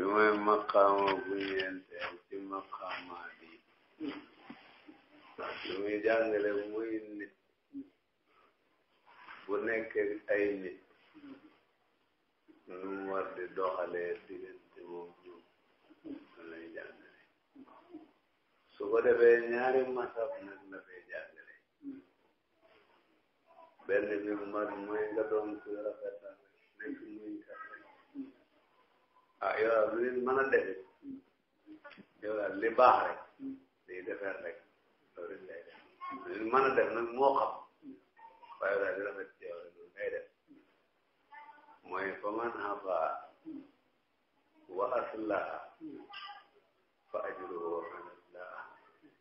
bi mooy maqaama bu ñeenteel ci maqaama bi li muy jàngale muy nit bu nekk ay nu war di doxalee diggante moom ñoom lu lay jàngale su ko defee ñaari masab nag la fay jàngale benn bi mar mooy nga doon kuy rafetal nekk muy kat ah yow daal lu nit mën a def yow li baax rek day defar rek loolu lay def lu nit a def nag moo xam waaye daal di rafet ci yow rek loolu ngay def mooy fa man afa wa aslaha fa ajruhu ala Allah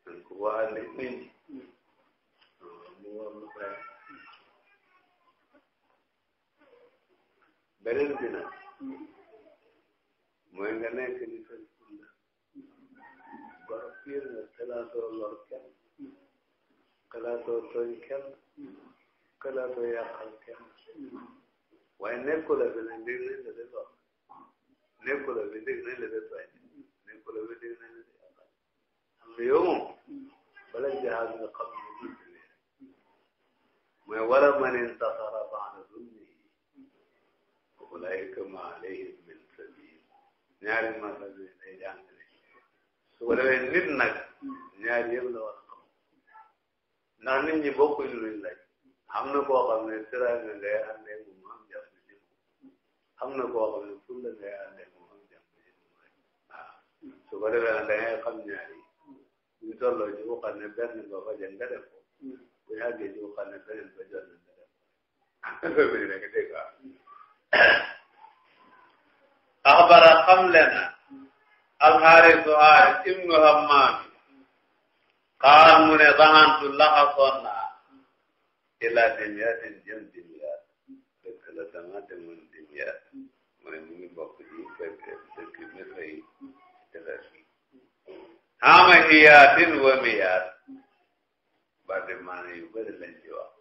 dan ku waxal ne nit mu war lu fay beneen bi mooy nga nekk ni sa kunda gor piir nga xalaatoo lor kenn xalaatoo tooñ kenn xalaatoo yàqal kenn waaye nekkula bi nag dégg nañ la de lor nekkula bi dégg nañ la de tooñ nekkula bi dégg nañ la de yàqal am na yow moom bala jaxaas nga xam ne lu dul mooy wala man ma alayhim ñaari mazhab yi lay jàngale su ko defee nit nag ñaari yëpp la war a xam ndax ñi bokkuñ luñ laaj am na koo xam ne tiraay na ngay àndee mu am jàpp ci am na koo xam ne ful la ngay àndee mu am jàpp ci waaw su ko defee nag da ngay xam ñaari ñu tolloo ci bu xam ne benn ba fa nga def ko bu yàggee ci bu xam ne beneen ba jël nga def ko axbara xam lena ibnu hammaami qaala mu ne zaxantu laxasoon naa ilaa dimyaatin jëm dimyaat dëkk la dama dimyaat mu ne mu ngi bokk ci dëkk dëkk misra yi tefes hiyaatin wa miyaat bari maana yu bëri lañ ci wax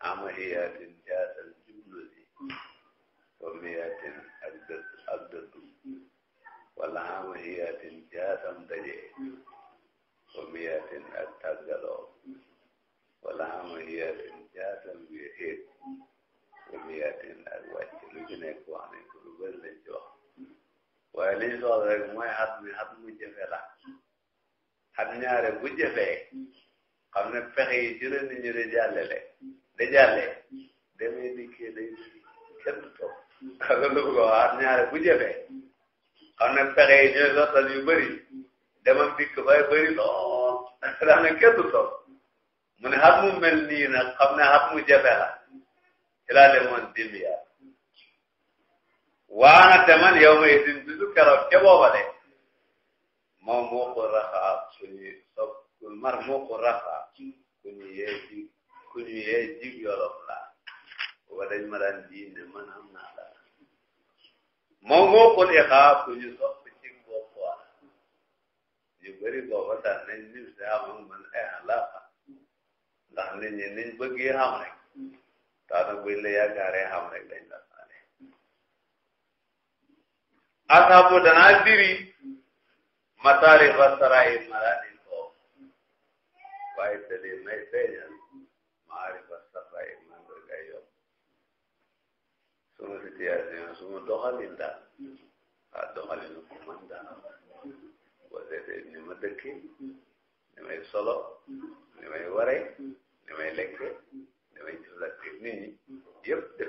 xaama hiyaatin jaatal jublu si wa miyaatin ak dëkk ak dëddu wala xama xiyaatin jaasam daje wa miyaatin ak tàggaloo jaasam wii xéet wa miyaatin ak wàcc lu ci nekk wax nañ ko lu bëri lañ ci wax waaye liñ soxla rek mooy xat mi xat mu jafe la xat ñaare bu jafee xam ne pexe yi ci la nit ñi di jàllale di jàlle ni kii day kenn loolu la bëgg a wax ñaare bu jëfee xam ne pexe yi ñooy sottal yu bëri demam dikk bay bëri lool daanaka kenn du toog mu ne mu mel nii nag xam ne xam mu jafe la ci laa demoon dimbiya waana te man yow ma itin bisu keroog ca booba de moom moo ko raxaa suñuy mar moo ko raxaa ku ñu yee jig ku ñu yee jig yolof laa wala dañ ma daan ji ne man am naa dara moom moo ko dee xaar ku ñu sopp ci bopp waa ñu bëri booba daan nañ ñu si am ak man ay alaaka ndax nit ñi niñ bëggee xam rek taana buñ la yaakaaree xam rek lañ la saane asaabu danaa diri mataari basaraay maraani ko waaye tali may feeñal maari suma situation suma doxalin daal ah ku man daal boo seetee ni ma dëkkee solo ni may waree ni may lekkee ni may jëflante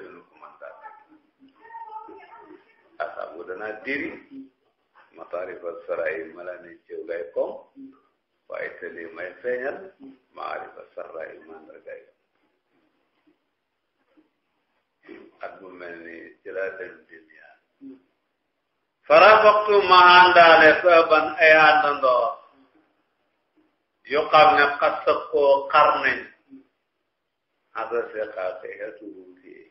nit ku man daal asaabu danaa diri mataarifa sarayi mala ne ciw gay koom waaye tali may feeñal maarifa sarayi mandargay ak bu mel nii ci laa dem dunia farafaqtu ma àndaale saaban ay àndandoo yu xam ne xasa koo xar nañ asa si xaaqe xetuwum fii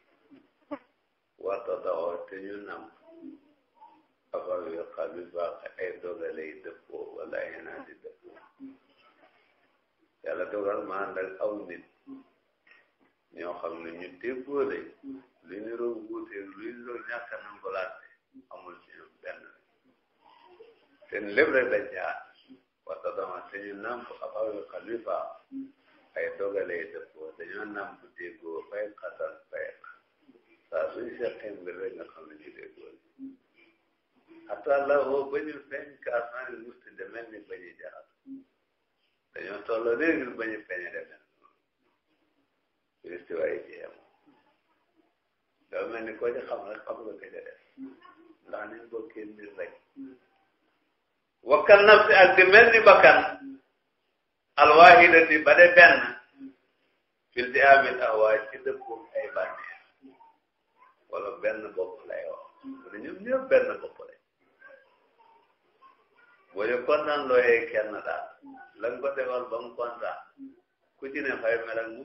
warta daxoo te ñu nam afar yu xam bi baax ay dogalay dëppoo wala ay naa di dëppoo yàlla dogal ma ànd ak aw ñoo xam ne ñu déggoo lañ li ñu doon wuutee luy doon ñàkk a nangolaate amul ci ñoom benn seen lépp rek dañ jaar wata dama te ñu nàmp afawi xalifa ay a dëppoo dañoo nàmp déggoo fay xatal fay saa suñ seqee mbir rek nga xam ne ñu déggoo lañ xata la woo ba ñu feeñ kaasmaani musti demel ni bañu jaxat dañoo tolloo léegi bañu feeñe demel ristiwaaye ci yem doo mel ni koo ci xam rek xam nga kë ca def ndax ni bokkee mbir rek wakkan ak di mel ni bakkan alwaahidati ba de benn fil di amil awaaj ci dëppoo ay bànneex wala benn bopp lay wax wala ñoom ñëpp benn bopp lay boo ñu kontaan looyee kenn daal la nga ko defal ba mu kontaan ku ci ne fay mel ak mu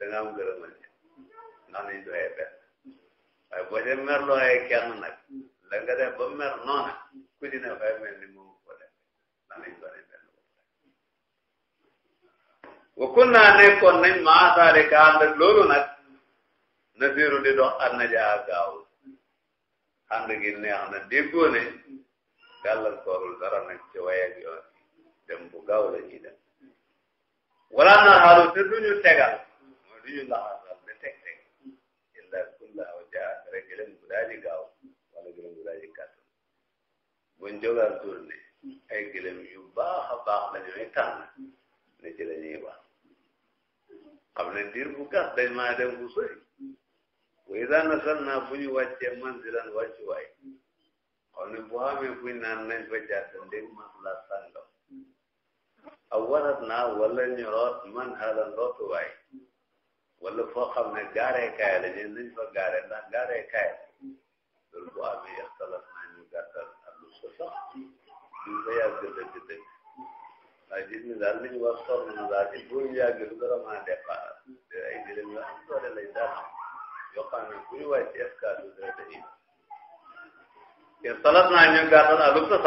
danga am gërëmal ci noonu lañ doyee benn waaye boo ca nag la nga def ba mer noona ku ci ne fay ni moom ko def noonu lañ doyee benn wa kun naa nekkoon nañ maa saalika ànd ak loolu nag di dox ànd jaa gaaw ànd gi neex na déggoo ne gàllankoorul dara nag ci waye ak yoon dem bu gaaw la ñuy dem wala na xaaru te duñu tegal du ñu laxasal de teg teg illa kulla wajaa rek gëlëm bu daaji gaaw wala gëlëm bu daaji kàttan buñ jógal tourné ay yu baax a baax la ñuy tànn ne ci la ñuy wax ne diir bu gàtt dañ maa dem bu sori way daan nasal naa bu ñu wàccee man di lan wàccuwaay xam ne bu xamee buñ naan nañ fa jàdd ndég man la sàngam awarat naa wala ñoroot man xaalan rootuwaay wala foo xam ne gaaree kaay la ñun nañ fa gaaree ndax gaaree kaay loolu bu amee ixtilaf naa ñu gàttal ak lu ko sax duñ ko yàgg dëgg dëgg waaye gis nga daal li ñu wax sonn na daal il faut ñu yàgg lu a départ te yoo xam doole lay daal yoo xam ne lu dara dañuy ixtilaf naa ñu gàttal ak lu sax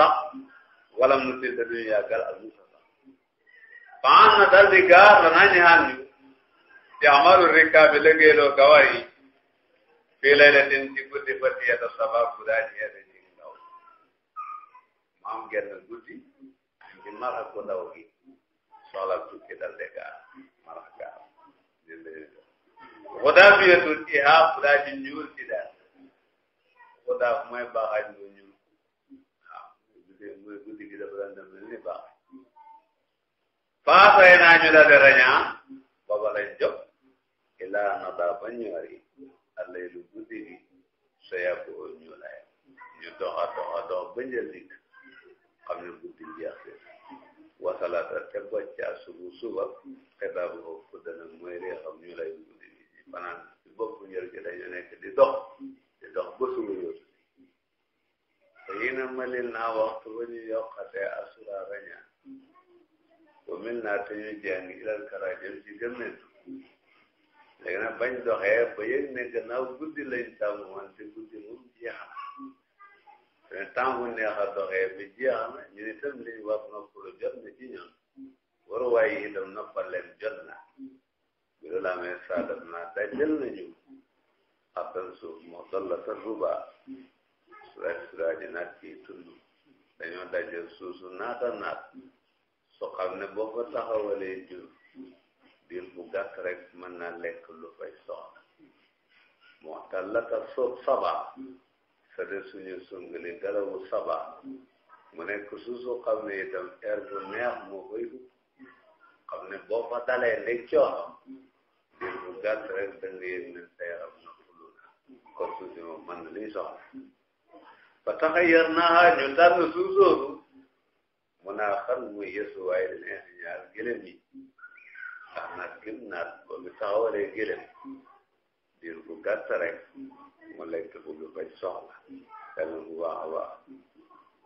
wala mu si te duñu yàggal ak lu sax baax na daal gaar la naa ñu isti'maalu rikaabi lëngeeloo gawar yi fii laylatin ci guddi bët ya sabab gudaa ji yàlla ji ndaw maam genn guddi ci mara ko ndaw gi soxla tukki dal de gaar mara gaar gudaa bi yetul ihaab gudaa ji ñuul ci daal gudaa mooy baaxaaj mu ñuul waaw mooy guddi gi dafa daan dem ni baax faasay naa ñu la de rañaa baba lañ jóg ilaa nodaa ba ñoori allay lu guddi so yàggu oo ñu lay ñu doxa doxa dox ba njëllik xam ne guddi jeex si wasalaata te bocca mooy ree xam ñu lay lu guddi gi ci fanaan ci bopp njël gi dañu nekk di dox di dox ba suba yót te yina malil naa waxtu ba ñu yokkatee asura raña wa mil naa te ñu jàng ilal kara jëm ci gëmmentu léegi bañ doxee ba yëg ne gannaaw guddi lañ tàmm wante guddi moom jeex na te temps bu neex a doxee bi jeex na ñu ne tam liñ war noppalu jot na jot na bi loolu amee saadat naa dajal nañu xattan suuf moo tolla sa ruba sura sura naat kii tund dañoo dajal suuf su naata naat su xam ne boo ko taxawalee jur diir bu gàtt rek mën na lekk lu fay soxla moo tax la ka soob saba sa de suñu saba mu nekk suusu xam ne itam air bu neex moo koy xam ne boo fa dalee ndeg coono diir bu gàtt rek ne sa na fulu na kon suusi moom mën na liy tax a yar naa ñu tànn suusoosu mu naa xam muy yesu waaye dina ñaar gëlëm yi tax na kim naat ba mu taxawalee gëlëm diir bu gàtt rek mu lekk bu lu bañ soxla dana bu baax a baax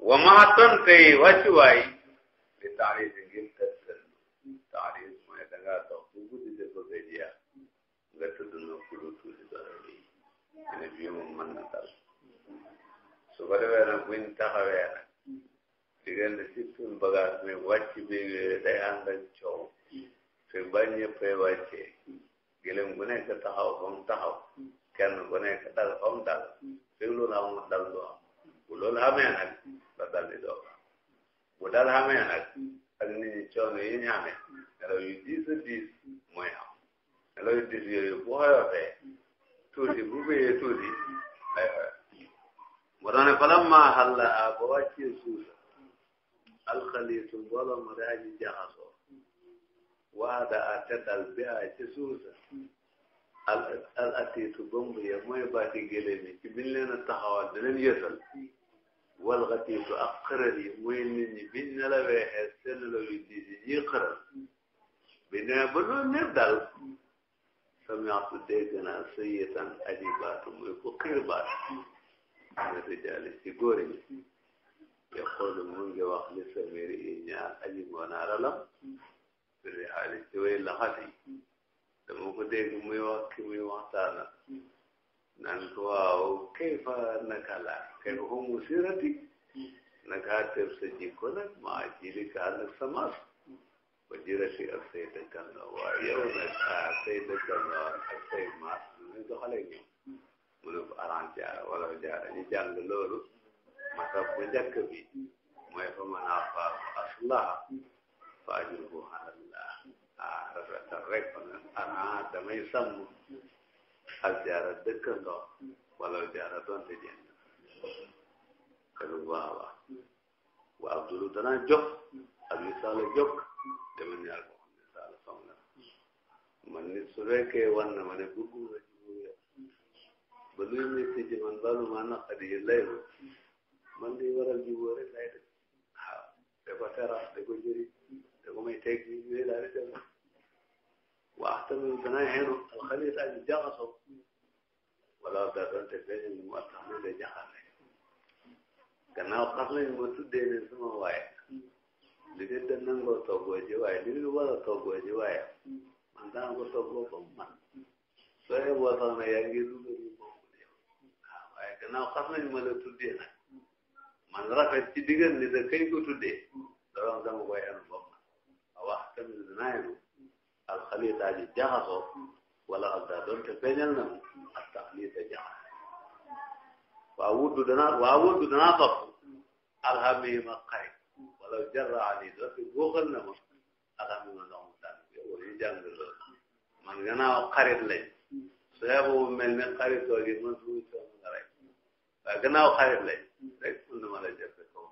wa maa tonte wàccuwaay li taarif yi ngir tëddal taarif mooy da ngaa dox bu guddi de ko ba jeex nga tudd na ku lu tuuti dara bi ñu ne bii moom mën na dal su ko defee nag buñ taxawee nag diggante si suñ bagage mi wàcc bi day ànd ak coow fi bañ ñëppay wàccee gëlëm gu nekk taxaw fa mu taxaw kenn ku nekk dal fa mu dal fi loolu amul dal du am bu loolu xamee nag la dal di doog am bu dal xamee nag ak nit ñi coono yi ñu xamee nelaw yu diis a diis mooy am nelaw yu diis yooyu bu xoyotee tuuti bu béyee tuuti day xoyot mu doon ne bala maa xàll a ba wàccee suuf alxaliitu mbooloo ma daa ji jaxasoo waada a te dal bi a ci suusa al atiitu bambu ya mooy baati gélém yi ci biñ leen a taxawal di leen yësal wal xatiitu ak xëral yi mooy nit ñi biñ ne la weexee seen la yu diis yi ñuy xëral bi ne ba loolu lépp dal samiatu dégg naa aji baatu muy ku xiir baat ana rijaali ci góor ñi yaqulu mu ngi li samiri yi ñaar aji ngoonaara la bi haali ci way dama ko dégg muy wax ki muy waxtaana naan ko waaw kayfa naka la kayfa humu sirati naka tëb sa jikko nag maa jili ka nag sa mas ba jirati ak say waaye yow nag a say dëkkandoo mu ne ko jaara wala jaara ñu jàng loolu masab bu njëkk bi mooy fa mën a faamu faajurhu alallah ah rafetal rek ba nga ana damay sàmm wala al jaara donte jënd kadu waaba wa abdulu dana jokk ak misaala jokk dama ñaar ko xam misaala song la man nit su fekkee wan na ma ne bëggu ma ci mu yow ba man balu ma naqadi yi lay man di waral ji wóore lay def waaw da ko teral da ko damay teg ñu ne daal di dem waax tamit dana xenu alxalis ak jaxaso wala da doonte benn ñu moo tax ñu de jaxase gannaaw xas lañ ma tuddee ne sama waaye li nga da nangoo toggoo ji waaye li nga war a toggoo ji waaye man daan ko toggoo ba mu man soo yeboo sax ne ñu ma la tuddee nag man rafet ci diggante ni da kañ ko tuddee doroon dama koy am naynu al xaliit aji jaxasoo wala al daa te feeñal na mu al taxliit a jaxasoo waa wuddu dana waa wuddu dana topp al hamim a xarit wala jarra ani doon te góoxal na ma al hamim a ndox mu daan yow ñu jàng lool man gannaaw man suñu coono xarit lañ rek mën na ma xarit su man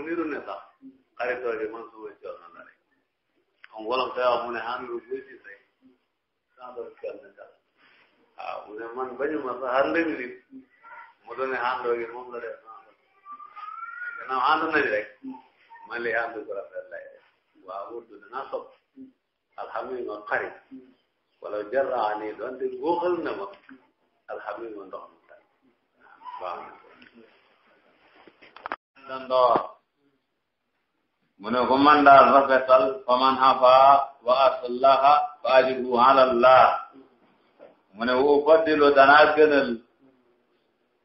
suñu coono nga rek comme wolof day mu ne xam lu buy gisee mu ne man bañu ma sax ànd ak mu doon ne gi moom la def naa la gannaaw ànd nañ rek man li ànd ko rafet lay def waaw wut dana sopp alhamdulilah ma xarit wala jarraa nii donte góoxal na ma alhamdulilah ndox mi waaw. mu ne ko man daal rafetal fa man hafa wa aslaha fa ajruhu ala Allah mu ne wo danaa gënal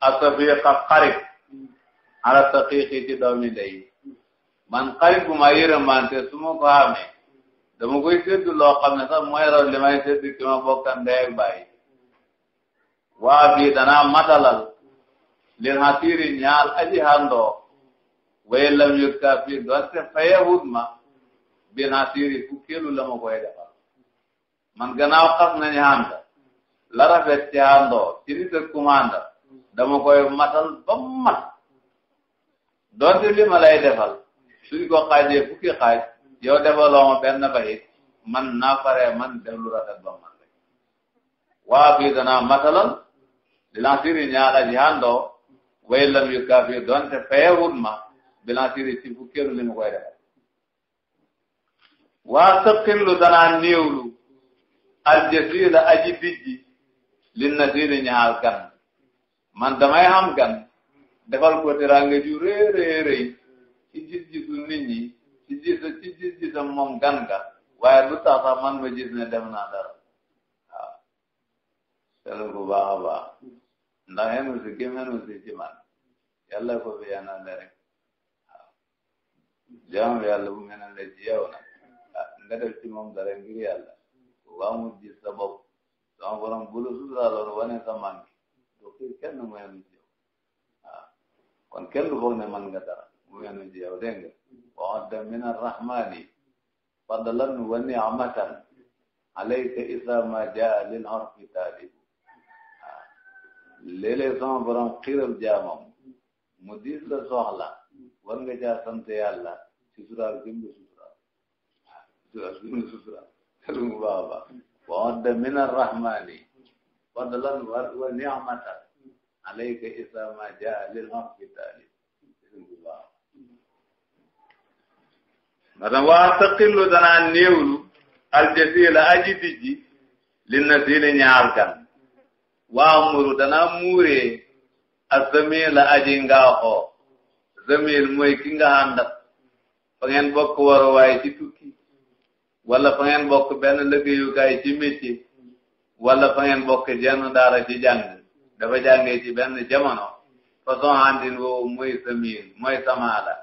asafiqa xarit ala saqiqi ci doomi ndey man xarit bu ma yërëmante su ma ko amee dama koy séddu loo xam ne li may séddu ki ma bokkan ndey ak waa bii danaa matalal lil xatiiri ñaal aji handoo waaye lam yu kafir doonte fayewut ma binasiri fukkeelu la ma koy defal man gannaaw xas nañu ànd la rafet ci àndoo ci nit ak commande dama koy matal ba mat doonte li lay defal suñ ko xaajee fukki xaaj yow defaloo ma benn bayit man naa faree man def lu rafet ba man rek waa bii danaa matalal binasiri ñaala ji àndoo waaye lam yu kafir doonte fayewut ma bilansiri ci fukkeelu li mu koy waa sëqin lu danaa néewlu aljasiila aji bijji lin na gan man damay xam gan defal ko teraanga ju rëy rëy rëy ci gis-gisu nit ñi ci gis ci gis-gisam moom gan ga waaye lu tax man ma gis ne def naa dara waaw selu bu baax a baax ndax henu man yàlla ko fi yanande rek jaam yàlla bu mel ne ci yow nag ah, nga def ci moom dara ngir yàlla waa mu gis sa bopp sama borom bu la suturaaloon wane sa manqué doo kii kenn mu yenu ci yow waaw ah, kon kenn du foog ne man nga dara mu yenu ci yow dégg nga waxadda min arrahmani fadlan wa ni'matan alayka isa ma jaa lil urfi taalibu waaw ah, léeg-léeg sama borom xiral jaamam mu diis la soxla war nga jaa sant yàlla suturaal bi mu suturaal suturaal bi mu suturaal xel mu baax a baax wa wadda min arrahmani wadda lan wa ni'matan alayka isa ma jaa lil hospitali madam waa taqillu danaa néewlu aljasila aji dijji li nasili ñaar gan waa muru danaa muuree asami la aji ngaaxoo zamil mooy ki nga fa ngeen bokk waruwaay ci tukki wala fa ngeen bokk benn liggéeyukaay ci métier wala fa ngeen bokk jenn daara ci jàng dafa jàngee ci benn jamono façon àndin boobu mooy zamil mooy samaala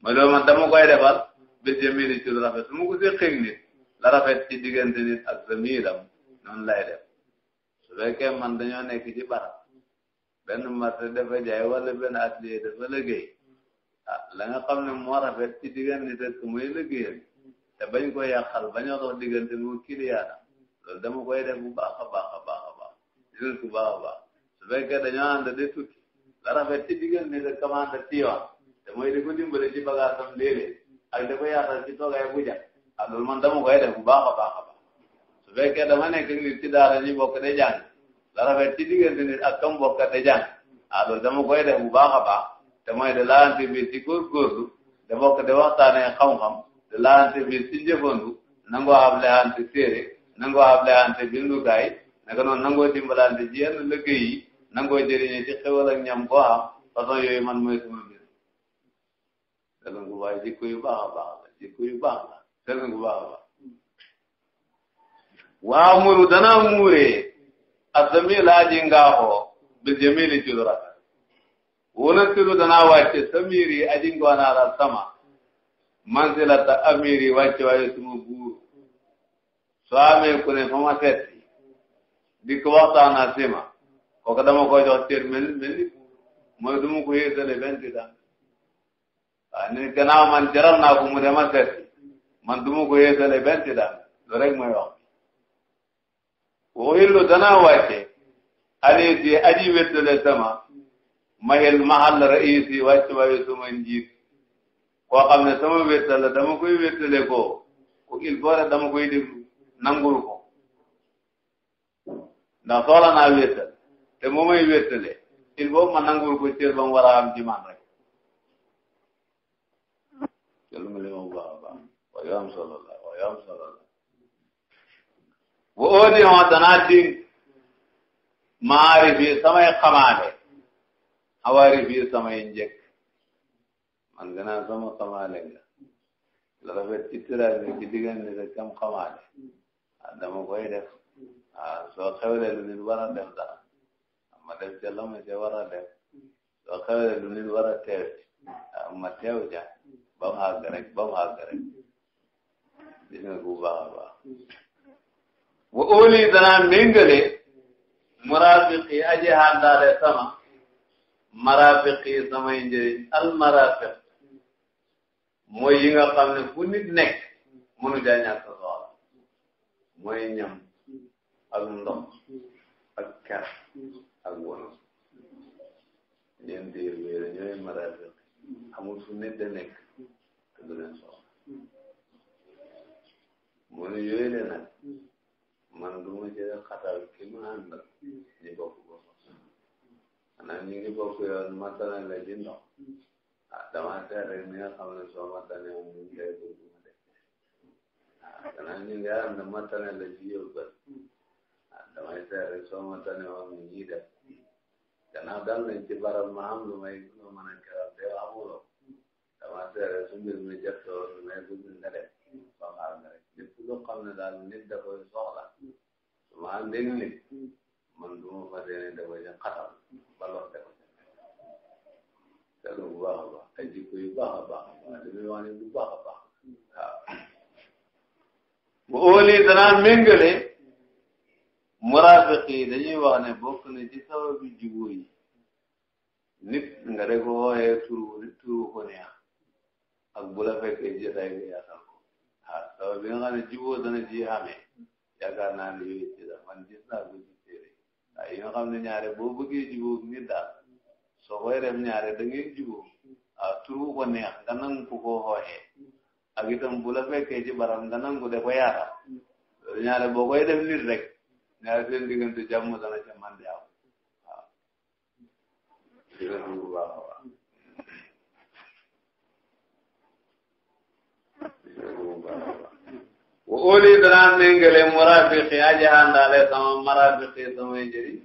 mooy loolu man dama koy defal bi jamil ci lu rafet su ma ko nit la rafet ci diggante nit ak zamilam noonu lay def su fekkee man dañoo nekk ci barab benn marché dafa jaay wala benn atelier dafa liggéey ah la nga xam ne moo rafet ci diggante nit ak muy liggéeyal te bañ ko yàqal bañoo dox diggante mu kiliyaana loolu dama koy def bu baax a baax a baax a baax jël ku baax a baax su fekkee dañoo ànd di tukki la rafet ci diggante nit ak commande ci yoon te mooy di ko dimbale ci bagaasam léeg-léeg ak di ko yaatal ci toogaay bu ja ah loolu man dama koy def bu baax a baax a baax su fekkee dama nekk nit ci daara ñu bokk de jàng la rafet ci diggante nit ak kam bokka te jàng alors ah, dama koy def bu baax a baax te mooy de laante biir ci góorgóorlu de bokk de waxtaanee xam-xam de laante biir ci njëfandu nangoo xable hante téere nangoo xable hante bindukaay naka noonu nangoo dimbalante ci yenn liggéey yi nangoo jëriñe ci xewal ñam koo façon yooyu man mooy sama mbir selon gu waaye jikko baax a baax la jikko yu baax la selon gu baax a baax waa muru dana muuree الزميل آجي نغاهو بالجميل جدرة ونسل دنا واشي سميري آجي نغوانا على السما منزلة أميري واشي واشي سمو بور سوامي كوني فما سيتي ديك وقتا ناسيما وقدما كو جو تير مل مل مدمو كو يسل بنتي دا أنا كنا من جرم ناكو مدما سيتي من دمو كو يسل بنتي دا لوريك ما يوم waxillu danaa wàcce alis yi aji wettale sama mahil mahal rais yi wàcc waaye sama njiit koo xam ne sama wettale dama koy wettale ko ku il boole dama koy déglu nangul ko ndax naa wettal te moo may wettale il faut ma nangul ko cër ba am ci rek jël ma li ma bu baax am solo la waaye am solo la bu óodi on danaa ting maarifi samay xamaale xawaarifi samay njëkk man gannaaw sama xamaale nga la rafet ci tiraas bi ci diggante sa kam xamaale ah dama def soo xewle lu nit war a def dara ma def ca la ma ca war a def soo xewle lu nit war a teew ah ca ba mu àgg ba mu àgg rek dina ko bu baax a wa óoli danaa méngale murafiqi aji handaale sama marafiqi samay njëriñ al marafiq mooy yi nga xam ne fu nit nekk mënu jaa ñàkk soxla mooy ñam ak ndox ak kar ak wono ñeenti yooyu ñooy marafiq amul fu nekk te du leen soxla mooy yooyu leen nag man du ma jël xatal ki ma àndal ñu bokk ko maanaam ngi bokk yoon matana la ci ndox ah dama teel rek ni nga xam ne soo matane am ngi lay bëgg de ah xanaa ngi ànd matana la ah, damay teel rek soo matane am ñu ñuy def gannaaw dal ci barab ma am lu may lu mën a keral te amuloo dama teel rek su mbir mi nga def lépp ne daal nit da koy soxla su ma àndee nit man du ma fas yéene da koy xatal ba lor da koy seetlu bu baax a baax ay jikko yu baax a baax li muy wax ne bu baax a baax waaw bu óolii danaa méngale muraafiq yi dañuy wax ne bokk na ci sababu jubóo yi nit nga de ko wooyee turu turu ko neex ak bu la fekkee jotaay bi yaatal ko ah sabab bi nga xam ne jubóo dana ji amee yaakaar naa ne yooyu ci la man gis naa ko ci téere waaye yi nga ñaare boo bëggee jubóo nit daal soo koy def ñaare da ngay jubóo ah turu ko neex nga nangu ko koo xooxee ak itam bu la fekkee ci baram nga nangu de ko yaatal loolu ñaare boo koy def nit rek ñaare seen diggante jàmm dana ca man di am waaw. wa óoli danaa méngale murafiqi aji àndaale sama marafiqi samay njëriñ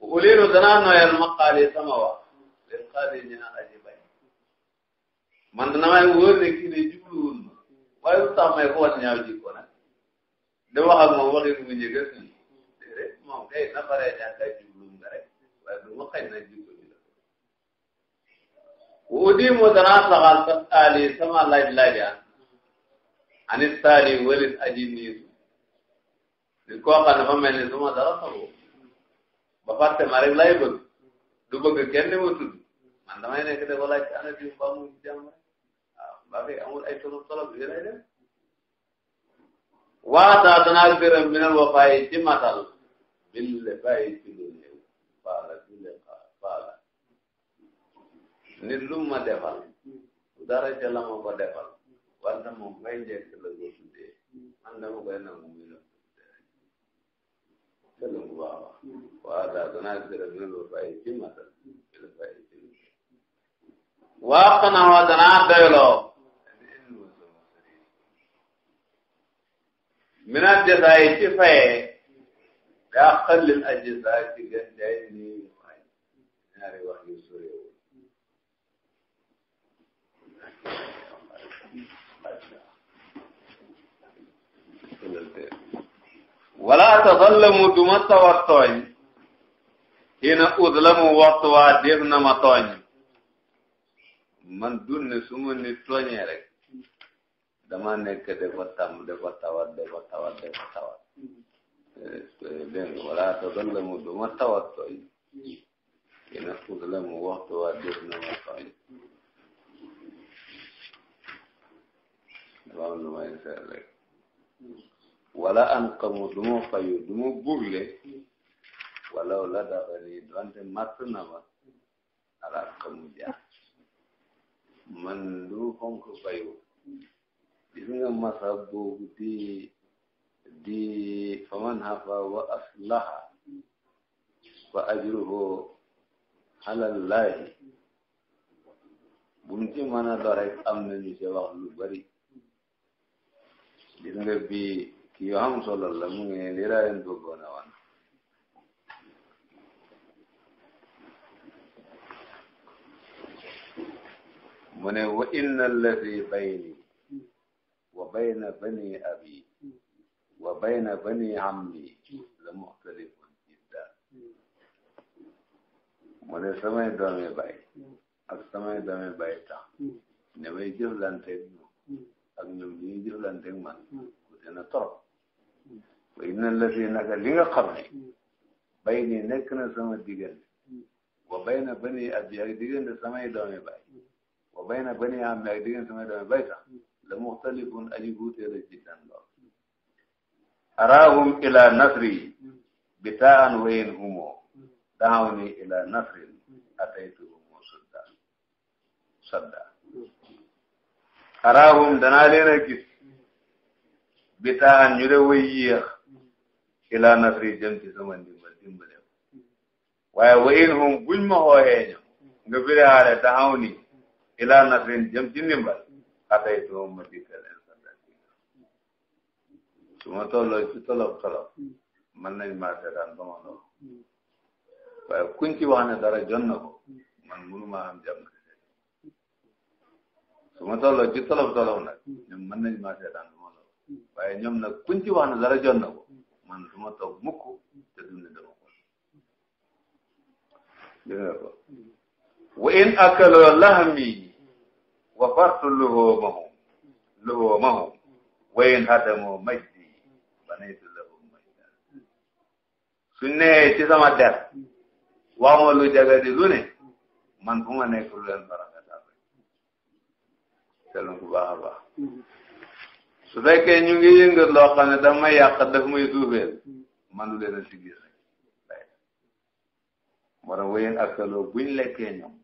wa óoliinu danaa noyal maqaali sama wax leen xaali ñaa aji bañ man dana may wóor ne kii ne jubluwul ma waaye lu tax may xool ñaaw jikko nag di wax ak moom waxin bu njëkk déedéet moom kay na paree ñàkk a jublu nga rek waaye du ma xañ na jikko ودي مدرات لغالت آلي سمع الله جل جان عن التالي ولد أجنيز لكو أقل فمن لسمع درسه بفات مارك لا يبغ du bëgg kenn mu tudd man damay nekk de walaaj ci ana diw mbaa mu jàmm rek waaw mbaa fi amul ay tolof tolof bi lay dem waataa danaa gërëm minal wafaay ci matal bil bàyyi ci loolu nit lu ma defal dara ma ko defal wante moom ngay la ko tuddee man dama koy nangu muy la sëlum bu baax a waa daa danaa gërëm ne lu fay ci matal lu fay ci waa xanaa waa danaa doyloo minat jasaay ci fayee daa xallil ci gën day nii ñaari wax wala tasallamu du ma saw a tooñ xiina udlamu waxtu waa def na ma tooñ man dunne su ma nit rek dama nekk dafa tam dafa tawat dafa tawat dafa tawat dégg nga wala tasallamu du ma saw a tooñ xiina udlamu waxtu waa def na ma tooñ dama am lu may seet wala an qamu du ma fayu du wala wala dafa ni donte matt na ma ala qamu jaar man du fonk fayu gis nga masa boobu di di faman hafa wa aslaha fa ajruhu alallahi bu mu ci mën a do am nañu ci wax lu bari nga bii ki yoo am solo la mu ngi nii lii daa bëggoon a wan mu ne wa inna allazi bayni wa bayna bani abi wa bayna bani ammi la muxtalifun jiddan mu ne samay doomi bay ak samay doomi bay tax ne may jëflante ak ñoom ak ñoom ñuy jëflante ak man ku dina torop wa inna lasi naka li nga xam ne bay nii nekk na sama diggante wa bay na bani abi ak diggante samay doomi bay wa bay na bani ammi ak diggante samay doomi bay tax la muxtalifun aji wuute la ci dan lool araahum ila nasri bi taan wayin humoo daaw ni ila nasrin ataytu humoo sadda sadda araahum danaa leen a gis bi taan ñu de way yéex ilaa nasri jëm ci sama ndimbal dimbale waaye wa in hum buñ ma xooxee ñoom nga biri xaale taxaw ni ilaa nasrin jëm ci ndimbal atay tuum ma dikkal leen sa dal su ma tolloo ci tolof nañ maa seetaan ba ma noonu waaye kuñ ci wax ne dara jot na man mënu maa am suma tollo ji tolloo ci tolof tolof nag ñoom mën nañ maa seetaan ba ma noonu ñoom nag kuñ ci wax ne dara jot na man du ma toog mukk te du ne dama ko dégg nga ko wa in akaloo lahmi wa fartu luhoo mahum luhoo mahum wa in hadamoo majdi banaytu lahum majda suñ nee ci sama der waxuma lu jagadi lu ne man fu ma nekk lu leen baraka daal te lu baax a baax su fekkee ñu ngi yëngal loo xam ne dama yàq daf may suufeel manu leen a sigil rek moo tax wéyeen akkaloo buñ lekkee ñoom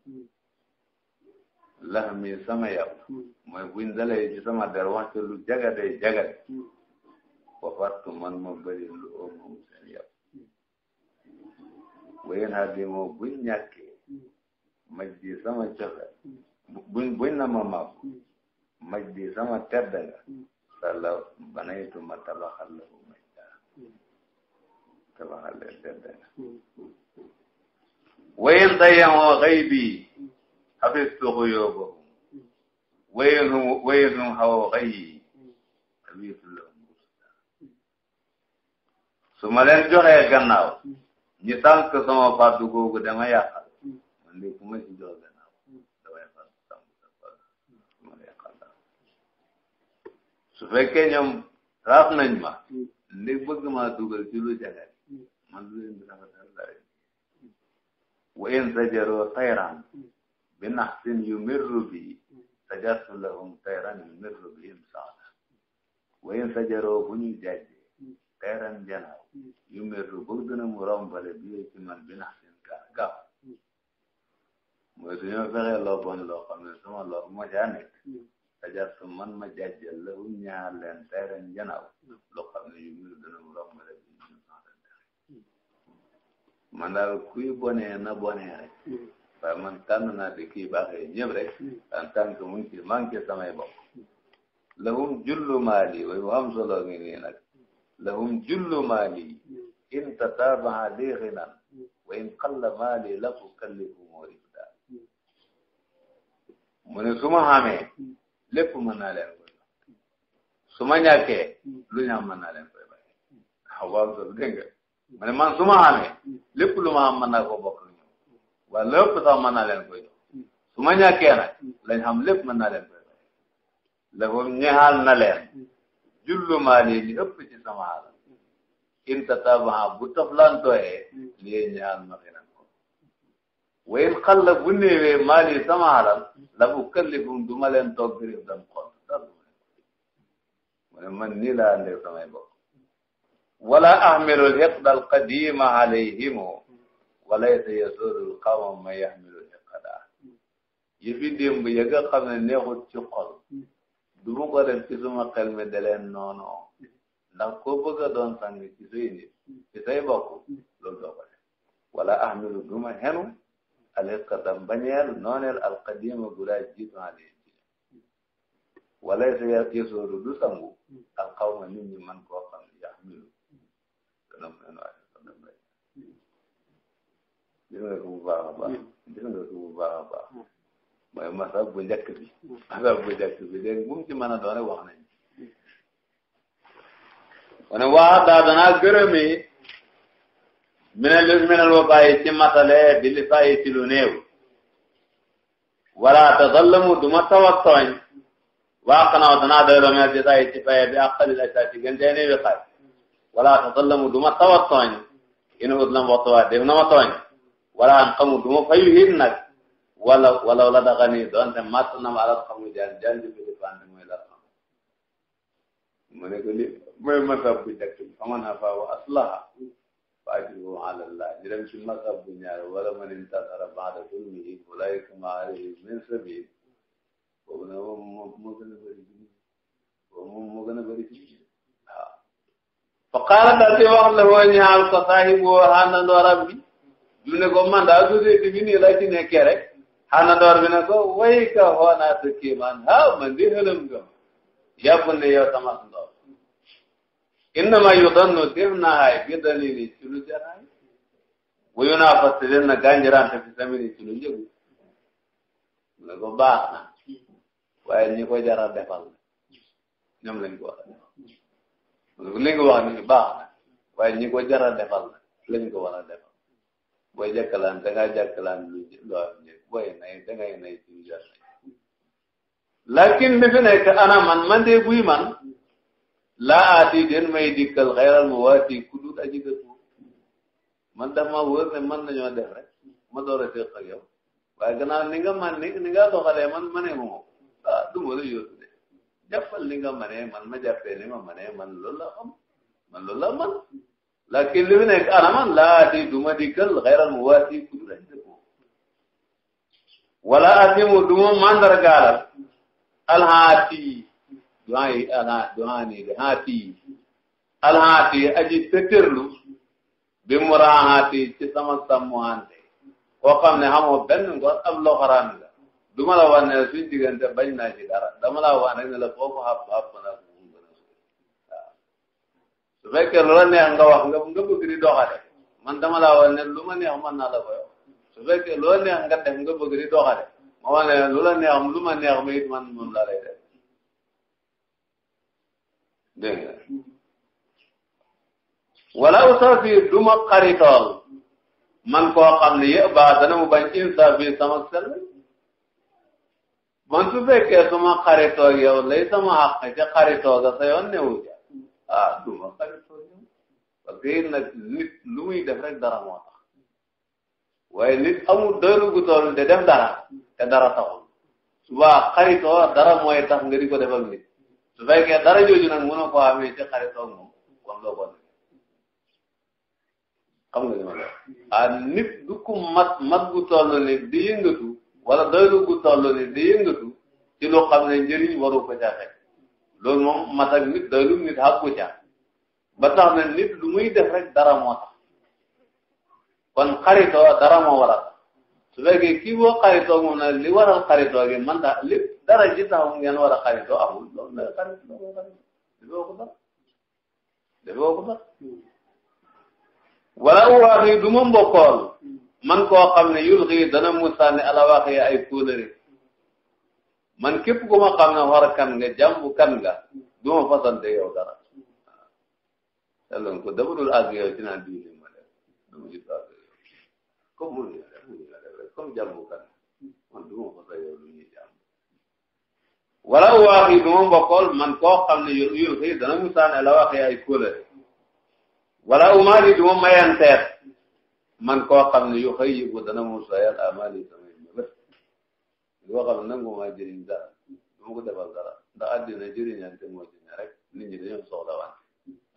lax sama yàpp mooy buñ dalee sama der wax te lu jagadee jagade ba fartu man ma bëri lu oo moom seen yàpp wéyeen xaddi moo buñ ñàkkee maj di sama cofe buñ buñ na ma maaf di sama tedd nga sala banaytuma tabaxal la bu may hmm. tabaxal leen dendal hmm. wayin dayanoo xaybi xafistuhu yóobahum wayinum wayinum xawoo xayyi hmm. awiitu lahum rusuda su ma leen joxee gannaaw ñi tànk sama fàddu googu dama yàqal man de ku ma ci jox su fekkee ñoom raaf nañ ma ndi bëgg maa dugal ci lu jagal man lu leen di rafetal dara wa in zajaroo tayran bi naxsin yu mirru bi sajartu lahum tayran yu mirru bi imsaala wa in zajaroo bu ñu jàjjee tayran janaaw yu mirru bëgg dina mu rombale bi ci man bi naxsin gaa gaaw mooy su ñu fexee loo bon loo xam ne sama lor moo jaa nekk tajartu man ma jàjjal la um ñaar leen teeren janaaw hmm. loo xam ne yu mil dana mu romb rek hmm. man daal kuy bonee na bonee rek hmm. waaye man tànn naa di kii baaxee ñëpp rek en tant que mu ngi ci manqué samay bopp lahum jullu maali way mu am solo ngi nii nag lahum jullu maali in tataabaha li xinan wa in qalla maali la tukallifu mu ne su ma xamee lépp mën naa leen koy jox su ma ñàkkee lu ñu am mën naa leen koy jox waaw waaw soo dégg nga ma ne man su ma lépp lu ma am mën naa koo bokk ñoom waaye lépp sax mën naa leen koy jox su ma ñàkkee lañ xam lépp mën naa leen koy jox lahum ñeexal na leen jullu maali li ëpp ci sama alal in tatabaha bu toflantooyee lii ñeexal ma fi nag wayin xalla bu néewee maali sama alal la bu kallifum du ma leen toog birif dam xont dallu mu ne man nii laa ndew samay bopp wala ahmilul hiqda alqadima alayhimu walaysa yasurul qawma ma yahmilul hiqada yëfi démb ya nga xam ne neexut ci xol du ma ko ci suma xel mi leen noonoo ndax koo bëgg a doon sang ci say nit ci say bokk loolu doo ko def wala du ma xenu aliqadam bañeel nooneel alqadima guraaj jiitu alayhi walay sa yar kisooru du sangu alxawma nit ñi man koo xam ne yaxmilu dana mu leen waaye sa dem rek gis nga ko bu baax a baax gis nga ko bu a baax mooy masab bu njëkk bi masab bu njëkk bi dégg bu mu ci wax nañ mu ne wax daa danaa minal lu minal wa bàyyi ci bi li bàyyi ci lu néew wala tazallamu du ma tawa tooñ waa xanaaw danaa doyloo mel bi bàyyi bi àqali la saa ci gën tee néewi xaaj wala tazallamu du ma tawa tooñ ina ut lam waxtu waa def na ma tooñ wala an xamu du ma fayu hit nag wala wala wala daxa nii doonte matt na ma alal xamu jaan jaan ji bidi fànde mooy la xam mu ne ko li mooy masab bu njëkk bi faman afa wa aslaha ajruhu ala Allah ñu dem ci mazhab bu wala man intasara ba'da zulmihi fa ulaa'ika ma'a alayhim min sabil boobu nag moom moo gën a bëri boobu moom moo gën a bëri fa qaala daal di wax la woo ñaal ko saahibu xanandoram bi mu ne ko man daa société bi nii laa ci nekkee rek xanandoor bi ne ko way ka xoonaata kéemaan ha man di xëlam nga yàpp ne yow sama ndoor innama yudannu def naxaay bi dalili ci lu jaraay wuyu naa fas leen na gànjirante fi samini ci lu njëgu ne ko baax na waaye ñi ko jara defal ñoom lañ ko war a defal li nga wax ni baax na waaye ñi ko jara defal lañ ko war a defal booy jàkkalaan da ngaa jàkkalaan lu loo njëg booy nay da ngay nay ci lu lakin bi fi nekk ana man man de buy man laa aati den may dikkal xayral mu waati ku dul aji gëstu man daf ma wóor ne man nañoo def rek ma door a séq ak yow waaye gannaaw ni man ni ni nga man manee ma moom ah du ma nga manee man ma jàppee ni ma manee man loolu la man loolu la man lakin li mu nekk ana man laa aati du ma dikkal xayral mu waati ku dul aji gëstu wala aati mu du ma mandargaalal alhaati duwaan yi alha a yi haati alhaati aji tëtërlu bi mu raahaati ci sama sàmmuwante koo xam ne xamoo benn ngor ab loxoraan la du ma la wax ne suñ diggante bañ naa dama la wax rek la foofu xàpp ko mu gën a lu la neex nga wax nga nga bëgg di man dama la wax ne lu ma neex mën naa la koy wax lu la neex nga def nga bëgg di doxale ma wax lu la neex lu ma neex man moom laa lay dégg nga wala usaafi du ma man koo xam ne yéen ba dana mu bañ insaafi sama sell man su fekkee su ma sama àq ca xaritoo ga sa yoon newu ja ah du ma xaritoog yow lu muy def rek dara moo tax waaye nit amul dëru gu tool de def dara te dara taxul subaa xaritoo dara mooy tax nga di ko defal nit. su fekkee dara jooju nag mën a ko amee ci xaritoo moom kon doo ko nekk nga li ma la ah nit du mat mat gu toll ni di yëngatu wala doylu gu toll ni di yëngatu ci loo xam ne njëriñ waru ko caa fekk loolu moom mat ak nit doylu nit xàq ko ba tax na nit lu muy def rek dara moo kon xaritoo dara moo waral su fekkee kii boo xaritoo moom li waral xaritoo gi man daa dara ji tax ngeen war a xaritoo amul loolu la dara defoo ko dara wala waaxi du man koo xam ne yul dana mu ala waax ay kóolëre man képp ku ma xam ne war kan nga jàmbu kan nga du ma fasante yow dara waaw te ko dul àgg yow ci naan ma def dama dul àgg yow comme mu ngi kan man du ma fasante yow wala waax yi du ma mbokkool man koo xam ne yor yor xëy dana mu saan la waxee ay kóolare wala umaal yi du ma mayanteer man koo xam ne yu xëy yi bu dana mu soyal amaal yi samay mébét loo xam ne nangu ko defal dara ndax àddina jëriñante moo ci ne rek nit ñi dañoo soxla wante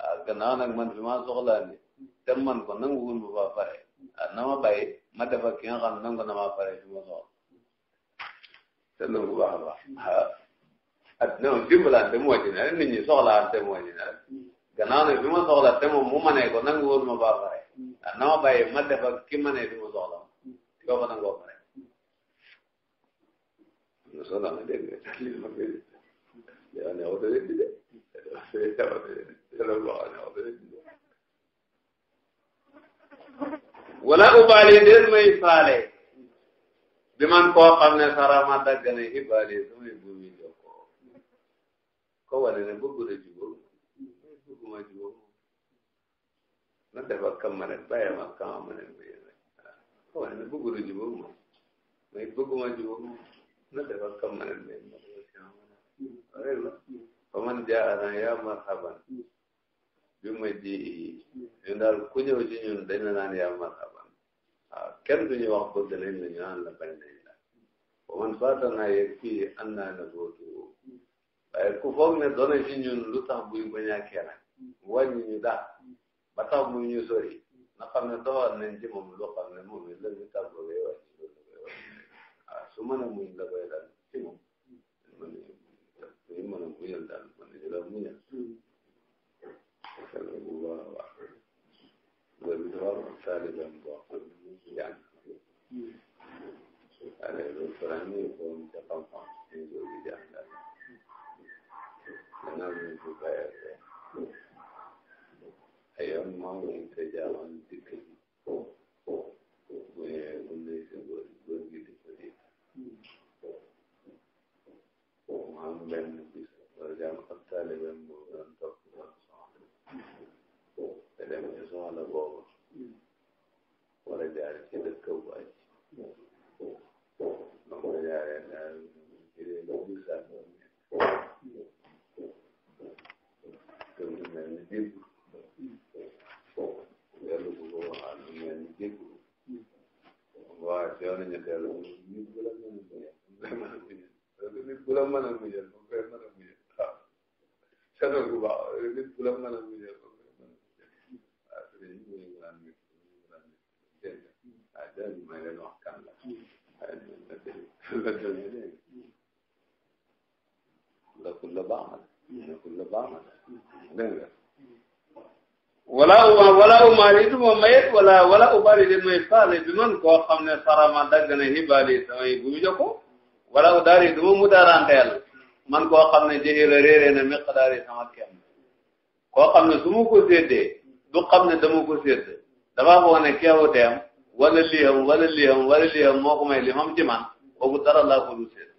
ah gannaaw man fi maa soxlaa ni te man ko nangu wul ma faa pare ah na ma bàyyi ma defal ki nga xam nangu na maa pare fi ma soxla te loolu bu baax a ah. adduna moom dimbalante moo eh, ci ne rek nit ñi soxlaante moo ci ne rek gannaaw nag bi ma soxla te moom mu manee ko nangu woon ma baa pare hmm. ndax na ma bàyyi ma def ak ki manee bi ma soxla ma hmm. ki ko fa nangoo pare ñu soxla ma dégg li ma fi li ma ne oto de di de wala ubaali déet may faale bi man koo xam ne sarama dagg na ibaali samay buumi ko wane ne bëgg na jubóo bëgguma jubóo na defar kam ma ne bàyyi ma kam ma ne bàyyi ma ko wane ne bëgg na jubóo moom mais bëgguma jubóo na defar kam ma ne bàyyi ma rek la fa man jaana ya marhaban bi ma ji ñun daal ku ñëw ci ñun dañ naan ya marhaban waaw kenn duñu wax bëgg nañ la ñu naan la bañ nañ la fa man faatana yeg fii an naa na bootu waaye eh, ku foog ne doone fi ñun lu tax buy ma ñàkkee nag mm. wàññi ñu daal mm. ba tax muy ñu sori na xam ne doxal nañ ci moom lu xam ne moom it la ñu tàgg ba koy wàññi loolu la koy wàññi ah su ma ne muñ la koy daal ci moom mm. man ñu mën a muñal daal man ñu la muñal xel bu baax a baax loolu dafa am taalibam boo xam ne mu ngi jàng allez loolu faral ñu ko ca xam-xam ñu ngi jàng daal anam yu ci bayal ayon maa ngi leen di jaaxal dikk ji bu ñëwee bu ñëwee si góor góor gi di ko dégg maa ngi benn bis loolu jàng ab taalibeem bu doon topp doon soxla te dem ci soxla boobu ubali du ma mayet wala wala ubali de may bi man koo xam ne sarama dagg na hibaali samay buy joko wala udaari du ma mudaaranteel man koo xam ne jëhila réere na miqdaari sama kem koo xam ne su ko séddee du xam ne dama ko sédd dafa foog keewu teem wala liyam wala liyam wala liyam moo ko may li mam ci man boobu dara laa ko du sédd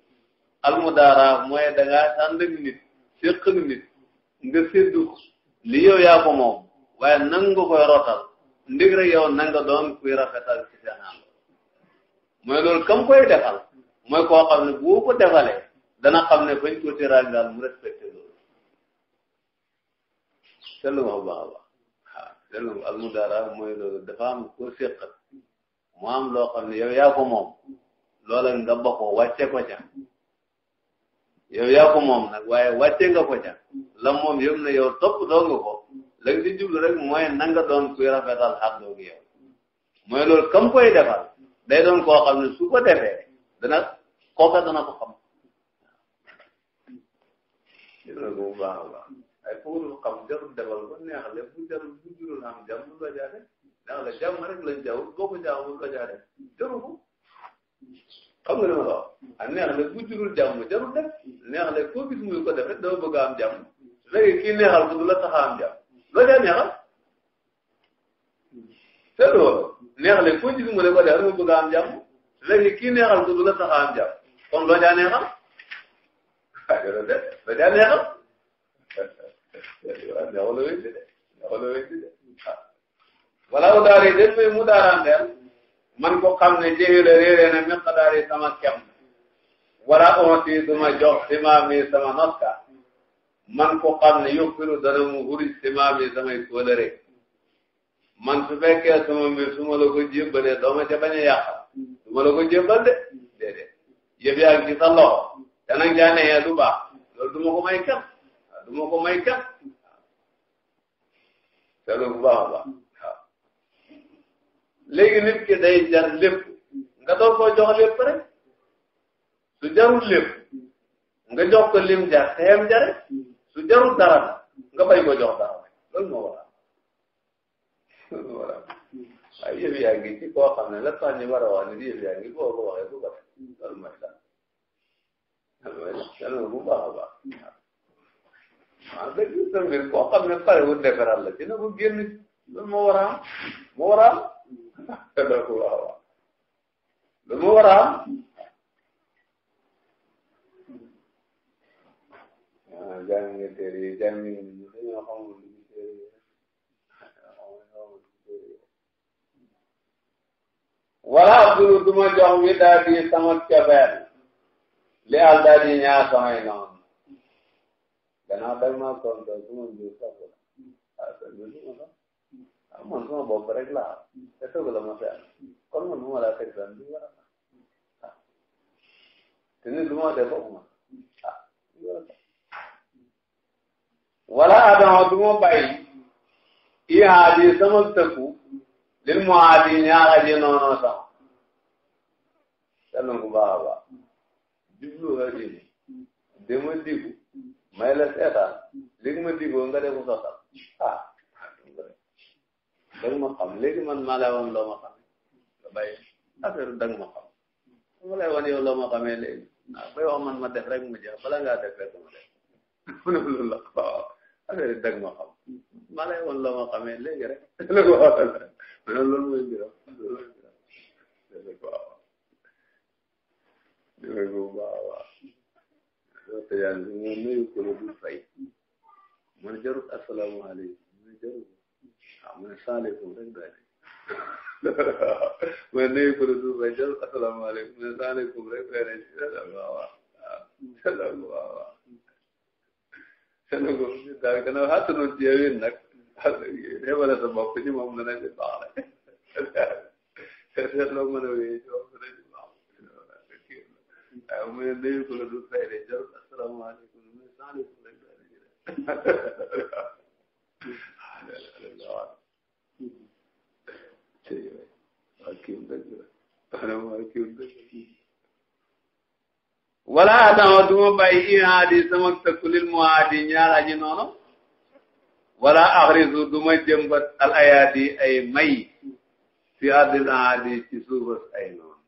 al mudaara mooy da ngaa sànd ak nit séq nga séddu li yaa ko moom waaye nangu koy rotal ndig rek yow na nga doon kuy rafetal ci seen ànd mooy loolu kam koy defal mooy koo xam ne boo ko defalee dana xam ne fañ ko teraal daal mu respecté loolu seetlu ma bu baax a baax waaw seetlu ma mooy loolu dafa am koo yow ko moom loola nga ba ko wàcce ko ca yow yaa ko moom nag waaye wàcce nga ko ca la moom yëpp na yow topp doo nga ko la nga si jublu rek mooy na nga doon kuy rafetal xaddoo gi yow mooy loolu kam koy defal day doon koo xam ne su ko defee dana kooka dana ko xam waaw. bu baax a baax ay ko neexle bu jarul bu jurul am jàmm la jaare neexle jàmm rek ko jaaw bu ko xam nga li ma la wax ah neexle bu jurul jàmm def neexle koo gis muy ko defee dama bëgg am jàmm léegi kii neexal ko du la am jàmm. loolu yaa neexal te loolu neexale foo ci dimbale ko de rek bëgg a am jàmm kii neexal ko du la am jàmm kon loolu yaa neexal ah loolu neexal neexal la de neexal la de wala wu daal yi mu daaraan man ko xam ne jéego la réeré na mi xadaari sama kem wala on si duma jox si ma mi sama man ko xam ne yóbbu dana mu wuri ciment bi samay kóolare man su fekkee sama mbir su ma la ko jébbalee doo ma bañ a yàq su ma la ko jébbal de déedéet yëf yaa ngi ci ne du baax loolu du ko may kat du ma ko may kat te loolu bu baax a baax léegi day jar lépp nga doon koo jox lépp rek su jarul lépp nga jox ko lim jar te yem jare su jarul nga bay ko jox dara loolu moo waral loolu moo waral waaye yëf yaa ngi ci koo xam ne la tax ñu war a wax ni ngi boo ko waxee bu ko def loolu mooy dara loolu bu baax wu defaral la loolu moo war a am moo war loolu moo war maanaam jàng ngeen téere yi jàng ngeen ñu dañoo xamul lu ñu téere yi wala abdulu duma jox wi daa di sama cobeel li al daa di ñaar samay noonu gannaaw day ma konto suma mbir sax ah ah man sama bopp rek laa te tëgg la ma fee kon man bu ma laa teg daal du war a te nit lu ma def ma ah du war a wala adama du ma bàyyi i haadi sama tëkku lil mu haadi ñaa aji noonu sama seetlu ko baax a baax jublu haadi ni dama digu may la seetaan léegi ma digoo nga def ko sottal ah danga ma xam léegi man maa lay woon loo ma xam nga bàyyi affaire danga ma xam ma lay woon yow loo ma xamee léegi ah bay wax man ma def mu jeex bala ngaa def rek ma def mu ne loolu la waaw affaire yi dag ma xam maa lay woon loo ma xamee léegi rek loolu mooy mbiram loolu fay man jarut asalaamaaleykum man jarut ah man saalekum rek doy man nuyu ko du fay jarut asalaamaaleykum man saalekum rek doy nañ waaw waaw te ne ko daal gannaaw xattanoon ci yewin nag xebale sa bopp ci moom dana ci baax rek te seetloo mën a wéy ci moom dana ci baax waaye mu ne nuyu ko la du fay de jël asalaamaaleykum mu ne saaleykum rek daal di def waaw waaw waaw wala dama duma bàyyi ihaadi sama takkulil muhaadi ñaar aji noonu wala axrisu duma jëmbat al ayaadi ay may fi ardil aadi ci suufas ay noonu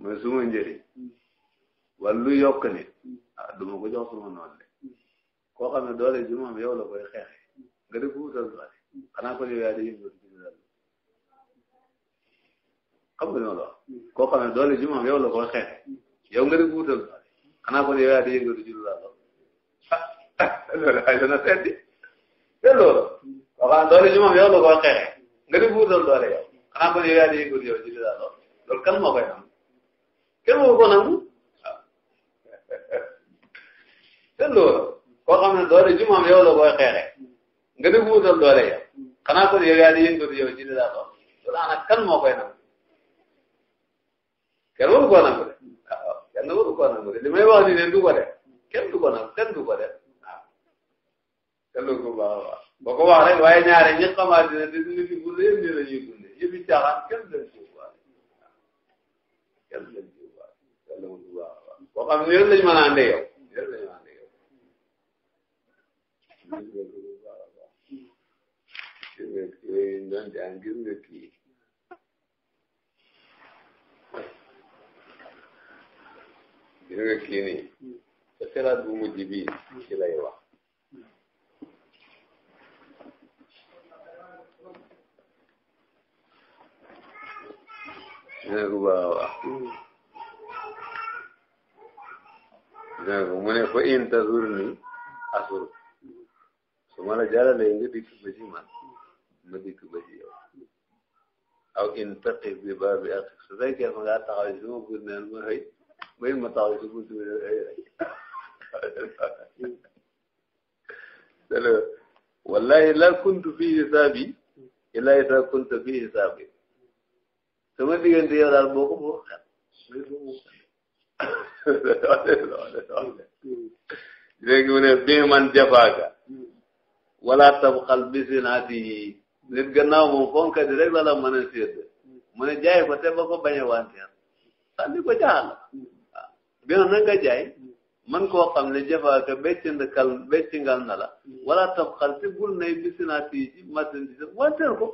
mooy suma njëriñ wàllu yokk nit ah duma ko jox suma noonu de koo xam ne doole ji moom yow la koy xeexe nga def wuutal doole xanaa ko yow yaa di yëngu xam nga noonu la koo xam doole ji moom yow la koy xeexe yow nga def wuutal xanaa kon yow yaa di yëngatu ci lu la lool loolu ay dana seet di te loolu waxaa doole ji moom yow la koo xeexee nga def wuutal doole yow xanaa kon yow yaa di yëngatu yow ci lu la lool loolu kan moo koy nangu kenn moo ko nangu waaw te loolu koo xam ne doole ji moom yow la koo xeexee nga def wuutal doole yow xanaa kon yow yaa di yëngatu yow ci lu la lool loolu ana kan moo koy nangu kenn moo ko nangu de kenn waru ko nangu de li may wax nii de du ko def kenn du ko nangu kenn du ko def waaw kenn du ko baax a baax boo ko wax rek waaye ñaare ñi xamaat dina di nit yi bu réer nii la ñuy dundee yëpp yi caaxaan kenn leen ci waale kenn leen ci waale kenn leen ci baax a baax boo xam ne yéen lañ mën a andee yow yéen lañ mën a andee yow gis nga kii yooyu ñu doon jàng gis nga kii gis nga kii nii te seraat bu mujj bii ci lay wax dina ko baax a wax dina ko mu ne fa in tasur ni asur su ma la jàllalee nga dikk ba ci man ma dikk ba ci yow aw in taqif bi baabi aqif su fekkee ma ngaa taxaw si sama bunt naan ma xëy bayin ma taxaw wallahi la kuntu fi hisaabi illa isa kuntu fi hisaabi sama diggante yow daal boo ko boo léegi mu ne bii jafaaka wala tabxal bisinaati yi nit gannaaw moom fonka di rek la la mën a sédd mu ne ko te ba ko bañ a wanteer sànni ko jaxal bi na nga jaay man koo xam ne jafaaka béccandkal béccingal na la wala tab xal te bul nay bisinaatii ci marchandise wanteer ko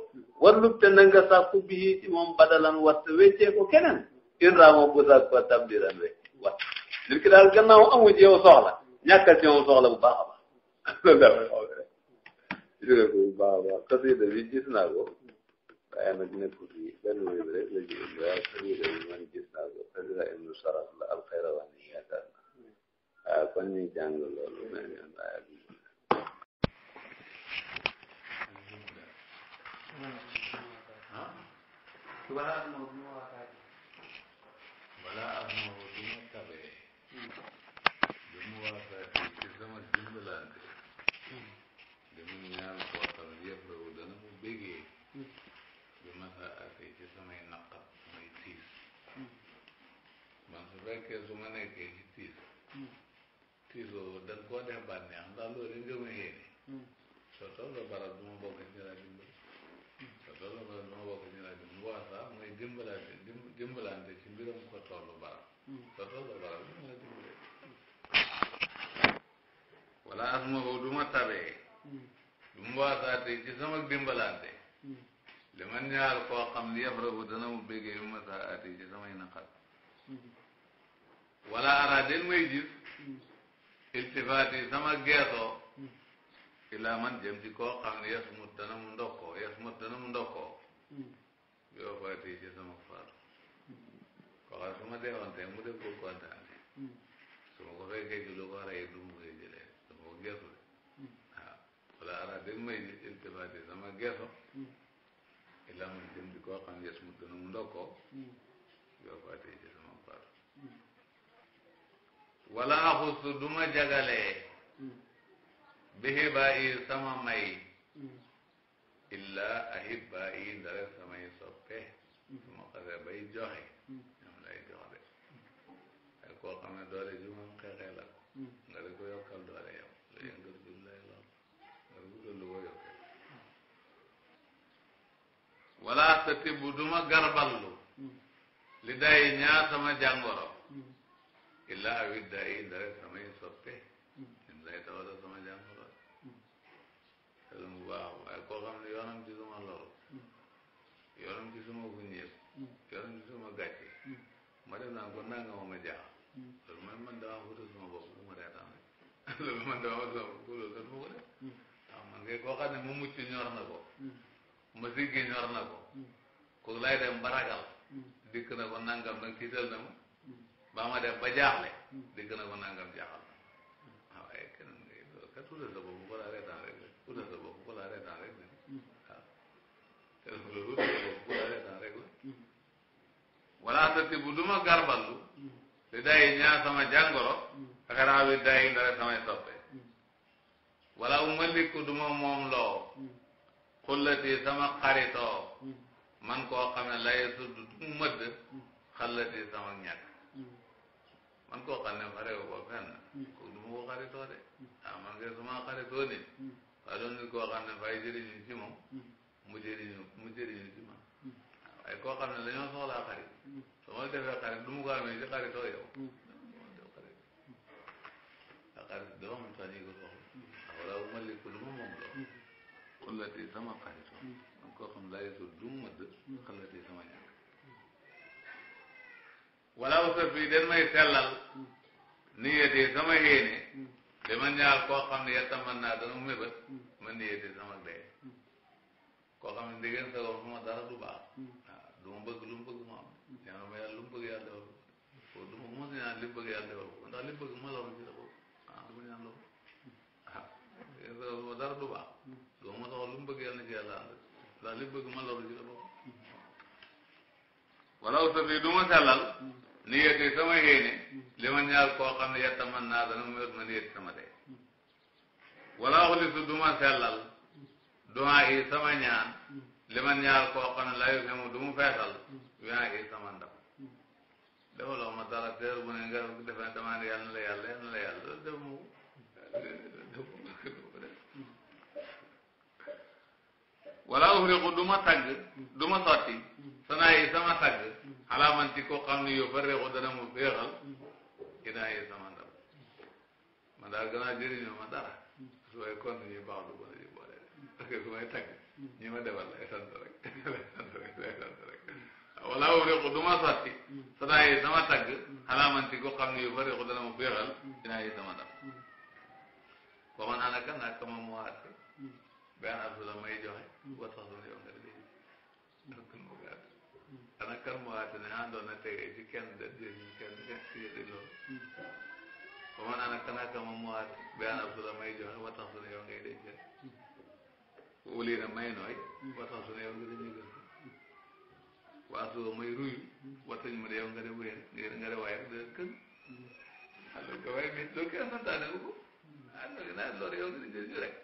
warlub te na nga sàkku bii ci moom badalan watta weccee keneen in raamoo bu tabdiran we wat ki daal gannaaw amu ci yow soxla ñàkkal ci moom soxla bu baax a baax loolu daal xaw bu baax a ko waaye nag nekkul yi benn wéy bi rek la ji waaye xasida bi man gis naa ko xasida ibnu saraf la alxayra wax ni yaakaar na waaye kon ñu jàng loolu mel ni waaye bi wala ak moo duma waakaat wala ak moo duma tabee duma waakaat ci sama dimbalante dama ñaan koo xam yëpp la samay naqar muy tiis man hmm. su fekkee su ma nekkee ci tiis hmm. tiis boobu da nga koo def bànneex ndax loolu nga ma yéene hmm. soo tolloo barab du ma bokk ñu laa dimbali soo tolloo barab du ma bokk ñu laa dimbali waa sax muy dimbalante dimbalante ci mbiram ko tollu barab soo tolloo barab du ma la dimbali wala asma ko du ma tabee du ma waasaate ci sama li man ñaar koo xam ne yafrahu dana mu béggee ma saa ati samay naqar wala ara den may gis iltifaat yi sama geesoo man jëm ci koo xam yas mu dana mu ndokkoo yoo faati ci sama faatu koo xam ma deewoon mu def ko kontaane su ko fekkee ci lu ko rey du mu koy jëlee ko geesu de wala ara den may gis iltifaat yi sama illaa man jëm di koo xam yes mu dana mu ndokkoo hmm. yoo ko atee ci sama par hmm. wala axustu duma jagalee hmm. bi xibaa yi sama may illaa ahibba yi ndare samay soppe su ma xasee bay joxe ñoom lay jox de ay koo xam ne doole ju moom wala tati bu duma garballu li day ñaar sama jàngoro illa awi day ndare samay soppe ñun lay tawata sama jàngoro xel mu baax waaye koo xam ne yoonam ci suma loru yoonam ci suma guñéeb yoonam ci suma gàcce ma def naan ko naa nga ma ma jaax loolu mooy man dama wuta suma bopp bu ma reetaan rek loolu man dama wuta suma bopp loolu kan ma ko def ndax man ngay koo xam ne mu mucc ñor na ko musique gi ñor na ko mm. ku lay dem ba ragal mm. dikk na ko nangam nag tiital na ma mm. ba ma dem ba jaaxle dikk na ko nangam jaaxal na ma sa bopp ko laa reetaan rek rek la waaw te loolu utal rek la wala sa tibb du ma garballu li day ñaa sama jàngoro xanaa bi day ndare samay soppe wala u ma likku du ma moom loo xullati sama xaritoo hmm. man koo xam ne lay sudd du mëdd hmm. xallati sama ñàkk hmm. man koo xam ne xarewu ko fenn ko du ma ko xaritoo de ah man kay suma xaritoo nit waaye doon nit koo xam ne fay jëriñu ci moom mu jëriñu mu jëriñu ci man waaye koo xam ne dañoo soxlaa xarit su ma defee xarit du ma ko amee ci xaritoo yow xarit doo am sax ñu ko soxla wala ma lekk lu ma moom loo xullati sama xarit man hmm. koo xam layisul du mu mëdd hmm. xullati sama ñàkk wala wasat bi den may sellal hmm. niyati sama yéene li ma ñaar koo xam ne yetta man naa dana mu mébét ma niyati sama dee koo xam ne diggante sa bopp sama dara du baax waaw du ma bëgg lu mu bëgg mu am ñaan ma yàlla lu mu bëgg yàlla defal ko du ma mos ñaan li mu bëgg yàlla defal ko ndax li mu bëgg ma la ci sa bopp ah du ma ñaan loolu ah diggante sa bopp sama dara du baax ko moo tax bëgg yàlla na ci yàlla ànd li bëgg ma loolu ci la bokk wala aussi du ma sellal ni yéete sama yéene li ma ñaar koo xam ne yetta man naa dana mu ma ni yéete sama dee wala waxlisu du ma sellal duwaa yi sama ñaan li ma ñaar koo xam ne layu fi mu du mu feesal yi sama ndam defaloo ma dara teer bu ne nga defe ne damaa ne na la yàlla yàlla na la yàlla def mu wala uhriqu du ma tagg du ma sotti sanaa yi sama tagg xalaaman ci koo xam ne yow fa dana mu féexal idaa yi sama ndab man daal gannaaw jëriñoo ma dara su may continuer baax du gën a ji boole parce que su may ma defal lay sant sant rek wala uhriqu du ma sotti sanaa yi sama tagg xalaaman ci koo xam ne yow fa dana mu féexal idaa yi sama ndab ko man ana kan ak kama benn su la may joxe watax doon yow nga dégg donc mu gàtt ana kan mu waate ne àndoon na tege ci kenn de jël ñu kenn de di loolu ba man ana kanaka moom mu waate benn su la may joxe watax doon yow ngay dégg wuli na may nooy watax doon yow nga dégg ñu gën waa su may ruyu watañ ma de yow nga de wéer nga de waaye rek de kën alors que waaye bi loolu kenn santaane ko ah loolu yow nga dégg rek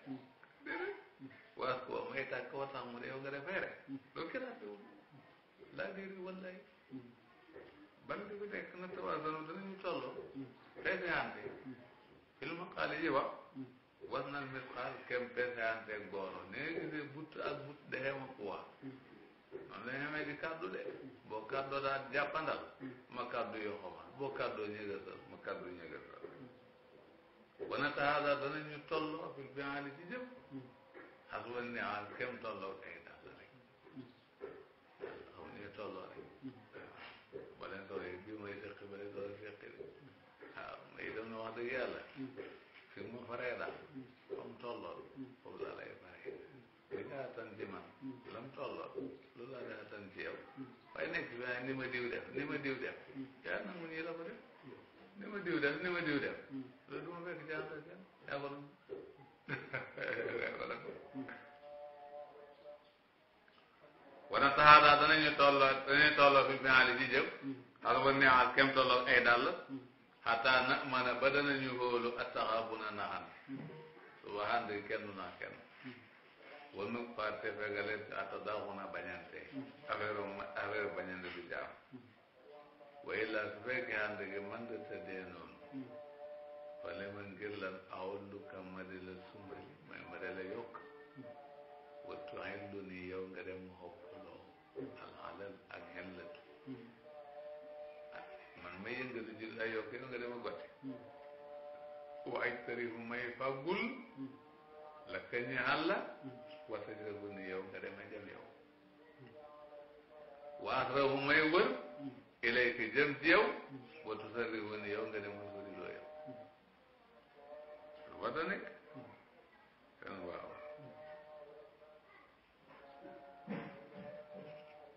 dégg waaw waaw may tàgg koo tax mu ne yow nga defee rek loolu kenn àtte na tawaasoon danañu tolloo peeseante fil ma xaal yi wax was nal mit xaal kem peeseante gooro ne nga but ak but dexeema kuwa noonu la ñamee di de boo kàddoo daal jàppandal ma kàddu yoo xamal boo kàddoo ñëgasal ma kàddu ñëgasal wana taxaasa danañu tolloo fil bi ci jëf xaswal ne ah kéem tolloo kay daal rek xamuñu tolloo rek ba leen toll yi bii may seq ba leen toll seq bi waaw mais itam na wax dëgg yàlla fi mu faree daal comme tolloo foofu laa lay faree li nga atan ci man la mu tolloo loolu laa lay atan ci yow waaye nekk bi waaye ni ma diw def ni ma diw def yaa nangu nii la ko def ni ma diw def ni ma diw def loolu du ma fekk jaan la kenn yaa ko nangu wala taxaada danañu tolloo danañu tolloo fi finali ci jëf xal wa neexal kem tolloo ay dàll xataa na mana ba danañu hóolu attaxaabu na naxan su waxande kenn naa kenn wal nu parte fegale ata daaxu na bañante affaire affaire bañante bi jaam wa illaa su fekkee ànd gi mën da tëddee noonu walla ngir lan awalluka ma di la sumbali may ma di la yokk wattu xellu ni yow nga dem xoppaloo alxalal man ma yëngatu di la yokk yow nga dem a gote wa aj tarifu may fàggul la kañi xàlla wasa jiragu ni yow nga dem a jam wa may wër ilayka jëm ci yow wattu sarifu ni yow nga dem a war na nekk kon waaw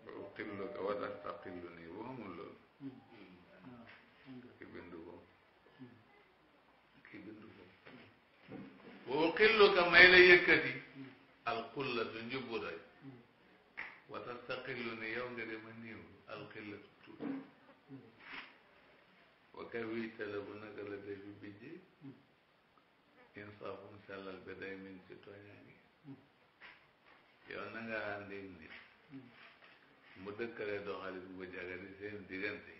ba uqillu ka wa tastaqillu nii bu xamul loolu ki bindu ko ki bindu ko wa uqillu ka may la yëkkati alqullatu njubbu rek wa tastaqillu nii yow nga dem a néew alqillatu tuuti wa kawiita la bu naka la def bi bijji insaafum sellal bi day ci tooñaange yow na nga nit mu dëkkale doxalin bu jagal ni seen diggante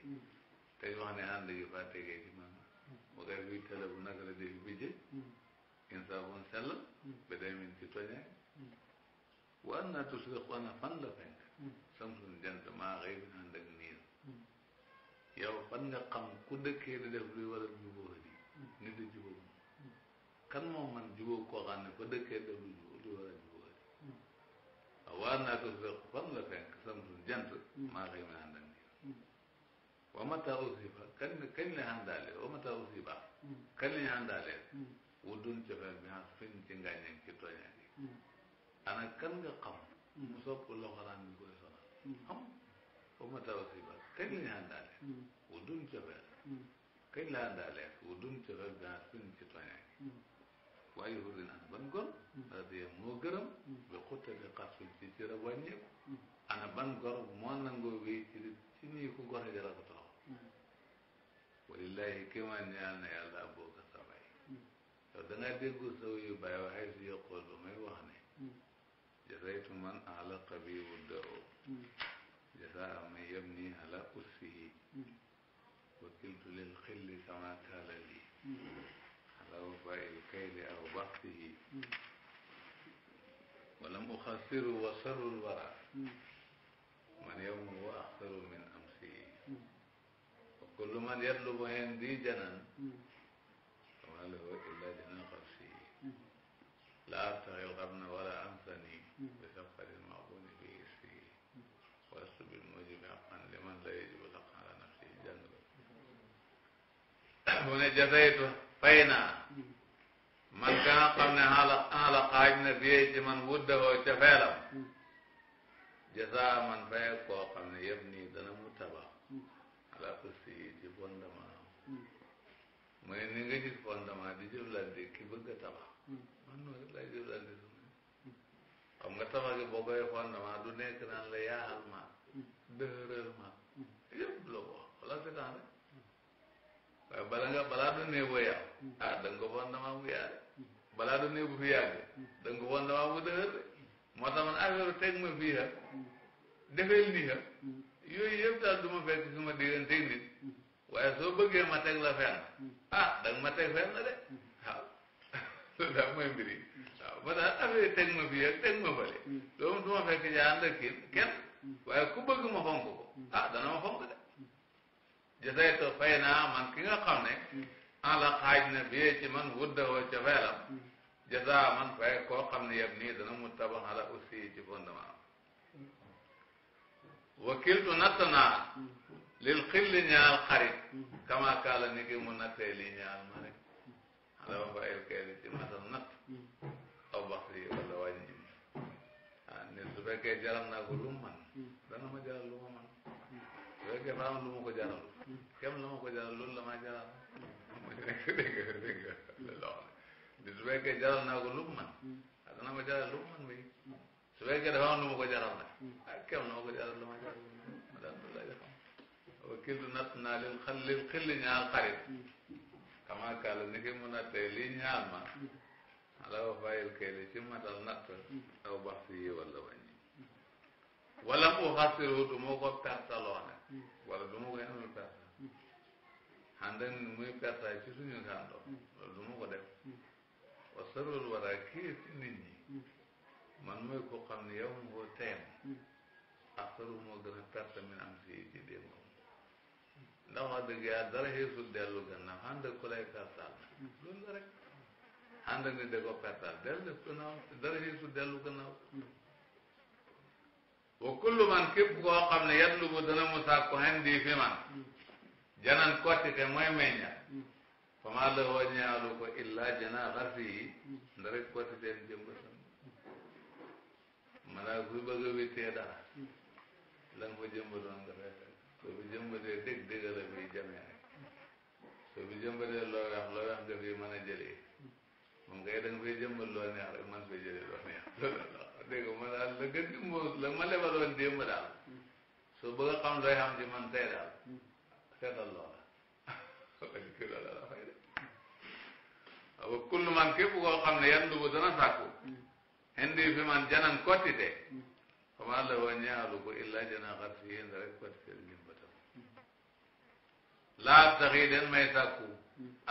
te ñu wax ne ànd gi fa tegee ci maanaam mu koy buy tele bu naka la bi jë insaafum sellal bi day ci tooñaange waan naa tusrix wana fan la fenk samsun jant maa xëy bi ànd niin yow fan nga xam ku dëkkee di def luy waral ñu bóoxi nit di jubóom kan moom man jubóo koo xam ne ba dëkkee dëgg jubóo di war a jubóo di hmm. waaw naa ko fekk fan la fenk samtul jant hmm. maa xëy ma ànd ak nii hmm. wa mata usifa kañ kañ la àndaale wa mata usiba kañ la ñu àndaale wu dun cofeel bi ah, nga fiñ ci ngàññeeg ci tooñaat yi ana kan nga xam mu sopp loxoraan bi koy sonal xam wa mata usiba bi ah, nga fiñ ci tooñaat waaye hurri naa ban gor radiya mm. moo gërëm mm. bi xutta bi xarfin ci cër ak wàññeeku mm. ana ban gor moo nangoo wéy ci li ci nii ku gor jëla ko torox walillahi kéemaan ñaan na yàlla boo sabay yow da ngaa déggu saw yu bàyyi waxee si yokkool ba may wax ne jasaytu man ala qabiwu dao jasaa man yabni ala ussihi wakiltu lil xilli sama taala lii إخفاء الكيد أو بحثه ولم أخسر وسر الورى من يوم وأخسر من أمسه وكل من يطلب عندي جنا فما له إلا جنا خرسه لا أبتغي الغبن ولا أنثني بسفر المعبود به اسمه ولست بالموجب حقا لمن لا يجب الحق على نفسه جنبه mu ne jafeytu fay naa man ka nga xam ne xaala xaala xaaj na biyee ci man wuddahoo ca feelam hmm. jasa man faye koo xam ne yëpp nii dana mu taba hmm. ala ko si ci fondement mooy hmm. ni nga gis fondement di jëflante ki bëgg a tabax man noonu lay jëflante suma xam nga tabax gi boo koy fondement du nekk naan la yaaxal ma dëxëral ma yëpp la ko wax wala setaan waaye bala nga balaa du néew ba mm-hmm. ah, da nga bon damaa mu yaare mm-hmm. balaa du néew bu fi yàgg mm-hmm. da nga ko bon damaa mu dëgër de moo tax man affaire ah, teg ma fii ha defeel nii ha yooyu yëpp daal du ma fekk suma diggante nit waaye soo bëggee ma teg la fenn ah, da nga ma teg fenn de waaw loolu daal mooy mbir yi waaw ba daal affaire teg ma fii ha teg ma fële loolu du ma fekk jaa ku bëgg ma fonk ko ah dana de jësaytu fay naa man ki nga xam ne en xaaj na biyee ci man wuddawoo ca feelam jësa man fay koo xam ne yeb nii dana mu tabax ala aussi ci fondement wakiltu natt naa lil xilli ñaal xarit kamaakaala ni ki mu nattee li ñaal ma rek ala ba fayil li ci matal natt aw bax yi wala wàññi ah nit su fekkee jaral naa ko lu mu man dana ma jaral lu man su fekkee maa am lu ma ko jaral kem la ma ko jaral loolu la maa jaral dégg nga dégg nga loolu la wax ne su fekkee jaral naa ko lu mu man ah dana ma jaral lu mu man bi su fekkee dafa am lu ma ko jaral nag ah kem la ma ko jaral lu ma jaral ma daal loolu laa jaxam wakiltu natt naa leen xal leen xilli ñaar xarit xamaa kàlla ni ki mu nattee lii ñaar ma ala wa fayil kay li ci matal natt aw bax si yi wala wàññi wala mu xasir wutu moo ko pertaloo nag wala du ma koy amul perte xandan ni muy pertaay ci suñu ngàndoo loolu du ma ko wa sarul wara kii ci nit ñi man mooy ko xam ne yow mu ko teem ak saru moo gën a perte min am si ci démbam ndax wax dëgg yàlla dara xeesul dellu gannaaw xand ku lay pertaal loolu la rek xand ni da ko pertaal dellu gannaaw dara xeesul dellu gannaaw wa kullu man képp koo xam ne yatlubu dana mu sàkku xendi fi man janan kottite mooy meñña mm. fama la woo ñaalu ko illa jana xarfi yi mm. nda rek kottite jëmbatam maanaam kuy bëgg a wittee dara mm. la nga fa jëmbatoon nga fekk soo fi jëmbatee dëgg dëgg la muy jamee rek soo fi jëmbatee loo weex loo weex nga fi mën a jëlee moom kay da nga fay jëmbat loo neex rek man fay jëlee loo neex dégg ma daal la gën di moos la ma lebaloon démb daal soo bëgg a xam looy xam ci man daal seetal loola walañ ki loola la fay de waaw kullu man képp koo xam ne yan dubu fi man janan kottite xama la wa ñaalu ko illa jana xar si yéen rek kottite lim ba tam laa taxi den may sàkku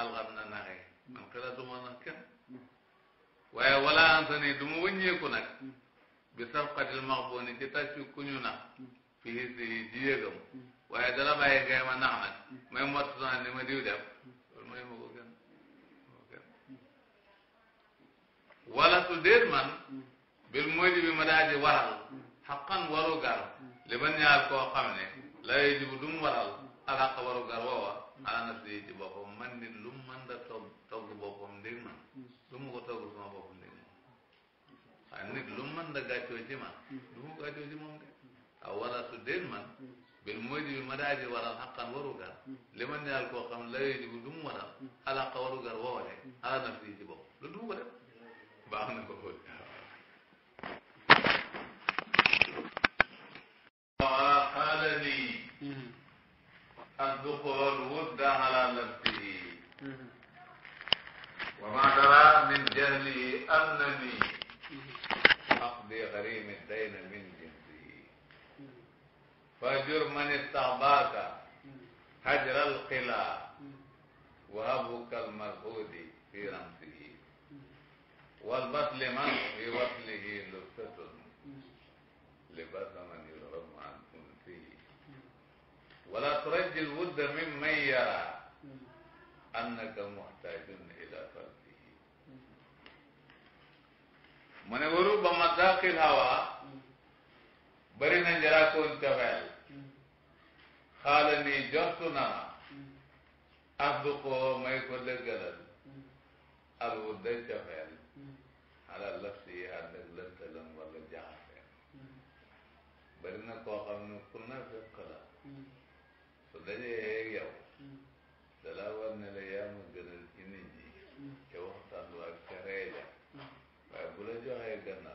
alxam na naxee man xila duma nag kenn waaye wala ansani du ma wëññeeku nag bi safqatil maxboni ci tàccu ku ñu na fii si ji yëgam waaye dana bàyyi ngay ma nax nag may mott naa ni ma diw def loolu mooy man bil mooy ma daal waral xaqan waru li man ñaar koo xam ne lay jibu du waral alaq waru woowa ala na si ci boppam man nit lu mu mën da togg man lu mu ko toggul sama man waaye nit lu mu man du mu gàccoo ci moom de aw wala man bil mooy di ma daa ji waral xaqan warugar hmm. li ma ñaal koo xam la yooyu bu du mu waral hmm. alaqa warugar woowale ala naf si ci bopp lu du ko def baax na ko fóot waa xaala nii ak du xool wut daa ala nafsihi wa ma dara min jahlihi annani hmm. aqdi xarimi dayna min fajur man istaxbaaka hajral qilaa wahabu kalmashudi fi ramsihi walbas liman fi waslihi lubsatun libasa man yurhamu an unsihi wala turaji lwudda mimman yara annaka muxtajun ila farsihi mu ne waru ba madaqil hawa bari na njarakooñ cofeel xaala nii jortu na ma asduqoo may ko dëggalal alwudda cofeel xalal laf si yi ànd ak lëntalam wala jaxaseen bari na koo xam ne ku nafiq la su dajee yow dala war ne la yaa ma gënal ci nit ñi ca waxtaan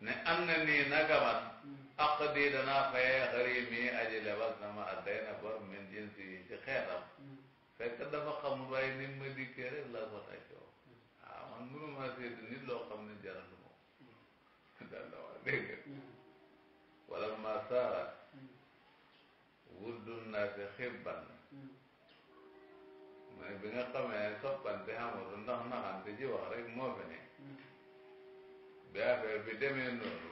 ne am na nii naka man hmm. aq di danaa fayee xarii mii aji lebal sama adday na bor min jinsi yi ci xeetam fekk dafa xam waaye ni ma dikkee rek la ko taccoo waaw hmm. ah, man mënuma seet nit loo xam ne jaral ma ko hmm. la wax dégg wala ma saara wuddun naa si xibban mu bi nga xamee soppante xamatu ndax naxante ji wax rek moo fi ne bi affaire bi demee noonu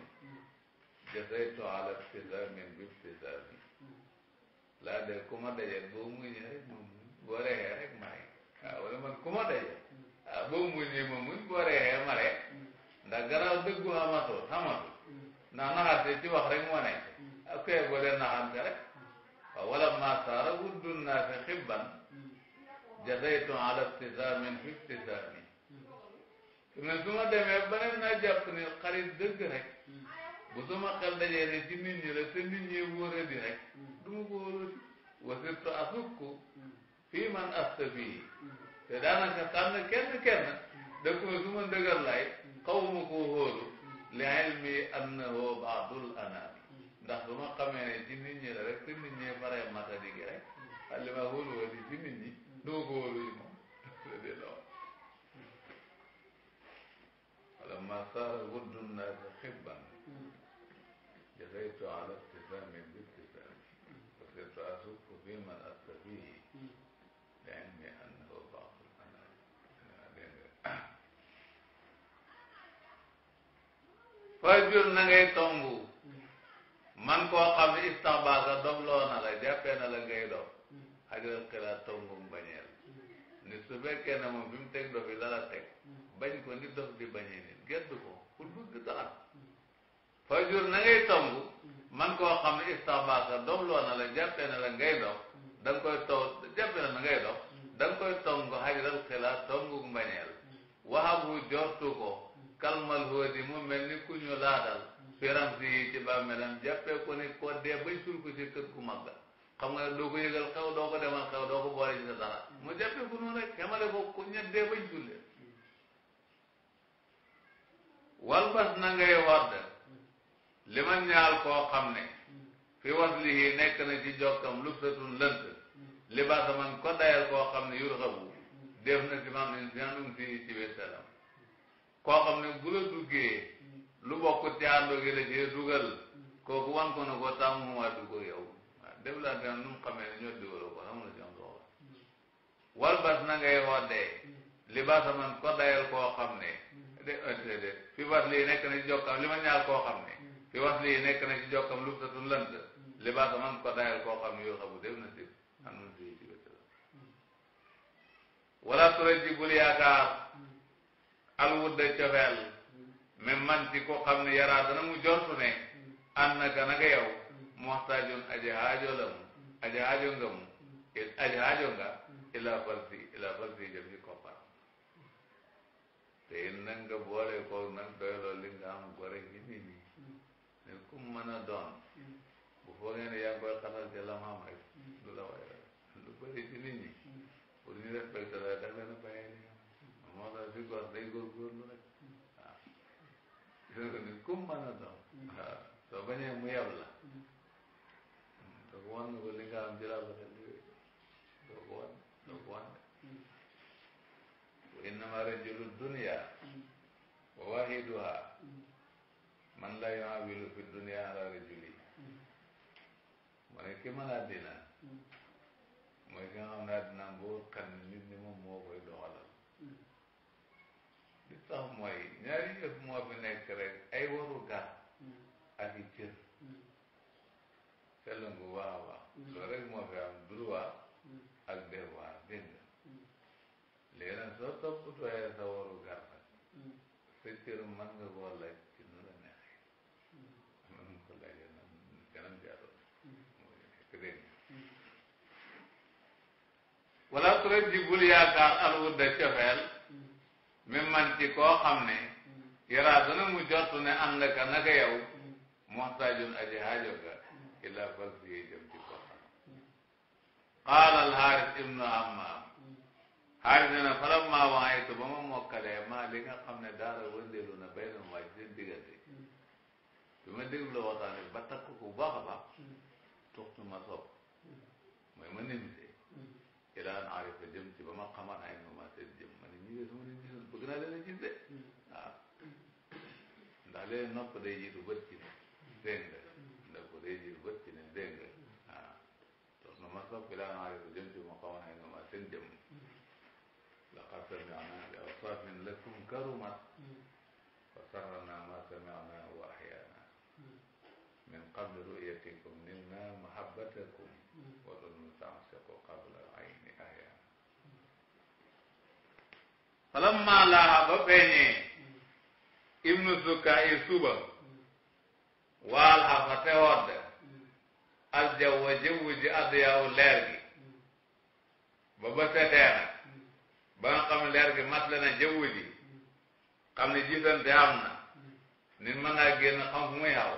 jasaytu ala ibtisaamin bi ibtisaami laa de ku ma dajal boo muñee rek ma muñ boo reexee rek ma rek ah wala man ku ma dajal ah boo muñee ma muñ boo reexee ma rek ndax garaaw dëggu amatul xamatul ndax naxante ci wax rek moo nekk ak koy boo leen naxante rek waaw wala maasaara wuddun naa fi xibban jasaytu ala ibtisaamin bi ibtisaami ne su ma demee ba ne naa jàpp ne xarit dëgg rek bu sama xel dajee ne ci nit ñi la te nit ñi wóora di rek du ma ko wóorati wasirtu asukku fii man asta bii te daanaka tànn kenn kenn da ko su ma dëgër lay xawma koo li ilmi annahu baadul anaami ndax su ma xamee ne ci ñi la rek te nit ñi faree matadi gi rek xali ma wóoru wa di ci ñi du ma ko wóoru yi moom lamma saara waddu naasa xibban jasaytu ala ibtisaami bi ibtisaami wa sirtu asukku fi man asta fihi li ilmi annahu baadul anaam fajur na ngay tombu man koo xam ne istahbaasa dobloo na la jàppee na la ngay dob xajal xalaat tombu mbañeel ni su fekkee ne moom bi mu teg dofi la la teg bañ ko ni dof di bañee nit gedd ko ku bëgg dara fajur na ngay tomb man koo xam ne istabaasa dof loo na la jàppee na la ngay dof da nga koy tow jàppee na la ngay dof da nga koy tong xajral xilaat tongug ko kalmal hóodi mu mel ni ku ñu laadal firam si yi ci bàmmeelam jàppee ko ni ko dee bañ sul ko ci kër ku mag xam nga loo ko yëgal xew doo ko demal xew doo ko boole sa dara mu jàppee ko noonu rek xamale ko ku ñet dee bañ sulle walbas na ngay wadd li man ñaal koo xam ne fi waslihi nekk na ci jokkam lubsatun lënt libaasa man ko dayal koo xam ne yur xabu def na ci maam in sianum si ci wéttalam koo xam ne bu la lu bokk ci àndoo gi la cee dugal kooku wan ko ne ko tàmm waa du ko yow def laa bi am nu mu xamee ñoo diwala ko amul ci am soxla walbas na ngay waddee libaasa man ko dayal koo xam fi was lii nekk na ci jokkam li ma ñaal koo mm. fi was lii nekk na ci jokkam lu tatun mm. li baax man ko dayal koo xam ne dem na si mm. am na si ci wétta wala tura ji bul yaakaar alwudda cofeel mais man ci ko xam mu jortu an naka naka mu mu aji ila falsi ila te it nag nga boole koog nag doyloo li nga am gore gi nit ñi ne ku a doon bu foogee ne yaa ngi koy xatal ci la rek du la waay lu bëri ci nit ñi pour ñu la da leen a bàyyi li am moo tax si gor day góorgóorlu rek waaw ne ku mën a doon waaw soo bañee mu yab la wan nga ko li nga am ci la ko doo ko wan doo wan innama rajulu dunia wa wahiduha man la yuawilu fi dunia ala rajuli mu ne ki mën àddina mooy ki nga xam ne àddina boo xam ne nit ñi moom moo koy doxalal li tax mooy ñaari yëf moo fi nekk rek ay waru ak i cër setlangu waax a rek moo fi am droit ak devoir yeneen soo topp doyee sa waru gar nag sa cër mën nga koo laaj ci nu la neexee mën nga ko laaj nam kanam jaaroon mooy nekk dégg wala turet ji bul yaakaar alwudda cofeel mi man ci koo xam ne yaraa dana mu jot ne am na ka naka yow moxtaajun aji haajo ga illa fal si jëm ci koo xam qaala al haaris ibnu ammaam aaj na ne faram maa waayee ba ma mokkalee maa li nga xam ne daara wëndeelu na béy na mu wàcc seen diggante bi ma déglu waxtaane ba takk ko bu baax a baax tuxtu ma soog mooy ma nimse ilaan arifa jëm ci ba ma xamal ay ma seen jëm ma ne ñi de sama leen gisoon bëgg naa a gis de waaw ndax léegi nopp day jiitu bët ci ne dégg nga ndax ko day jiitu bët ci ne nga waaw tuxtu ma soog ilaan arifa jëm ci ba ma xamal ay ma seen jëm سمعنا بأوصاف لكم كرمت وسهرنا ما سمعنا وأحيانا من قبل رؤيتكم نلنا محبتكم والعلم تعشق قبل العين أحيانا falamma laa ba feeñee ibnu sukka i suba waal xa fa te wodd aljawwa jëwwu ji adiyaaw leer gi ba ba seteena ba nga xam leer gi mat la na jaww ji xam ne jiitante am na nit mën naa génn xam fu muy xaw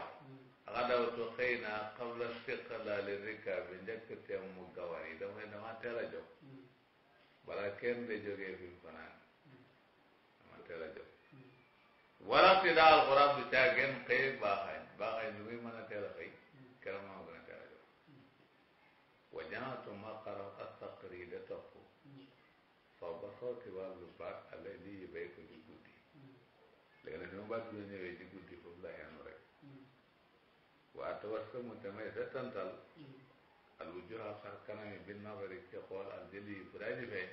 aka dawtu xëy naa qabla istiqlaali rikaabi njëkk teem mu gawar yi damay dama teel a jóg bala kenn de jógee fi mu fanaan dama teel a jóg wala ti daal xuraab du caa génn xëy baaxañ baaxañ lu muy mën a teel a xëy keroog maa gën a teel a jóg wa jaatu maqara astaqri de xaw ba xaw ci wàllu baat ale lii bay ko ci guddi léegi nag fi mu baat dina ñëwee ci guddi foofu la yenu rek waa te war sama te may settantal al wujuha xar kanam yi bi nabari ci xool al jëli yi bu daa di feeñ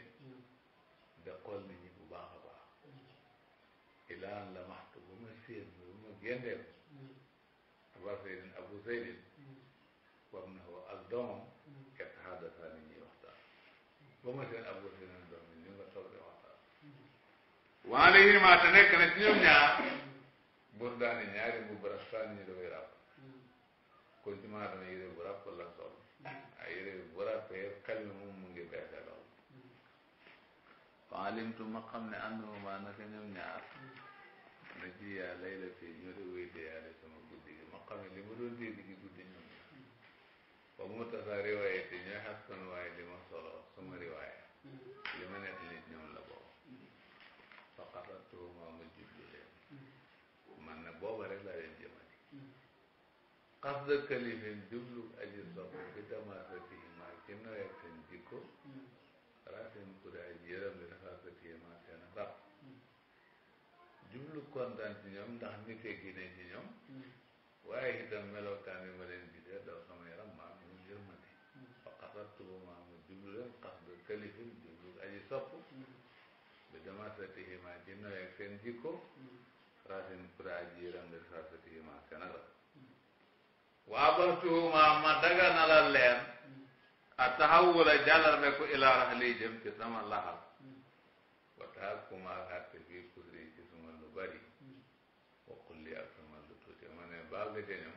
da xool bu baax a baax ilaan la maxtu bu ma séen bu ma géndeel abu seydin wam na ko ak doomam et xaadasaa nit ñi waa léegi maa te nekk na ci ñoom ñaar burdaani ñaari bu bu raftaan ñu dafay ràpp kon ci maa dama yére bu ràpp la sol ay yére bu ràppee xel mi moom mu ngi beese lool faalimtu ma xam ne annahuma naka ñoom ñaar ji yaa lay la guddi gi ma xam ne li ma doon guddi ñoom ba mu tasa riwaaye te ñooy xas kon waaye li ma solo sama riwaaye hmm. li ma nekk nit ñoom la booba rek laa leen kalifin jublu aji sopp bi damaasatihima ci nawet seen jikko rafin kuda aji yërëm li rafaasatihima seen rab jublu kontaan gine ci waaye itam melokaan bi ma leen gisee daw sama mu yërmande fa xasattu maa mu aji sopp bi damaasatihima ci nawet seen farasin kuraajiran li xaasatihima kanara waabartuhuma ma daganalal leen a taxawula jàllarme ko ila raxli jëm ci sama laxal wa tahakkuma àtte fii kusri ci suma lu bari wa kulli ak suma lu tuuti ma ne baal nga ca ñoom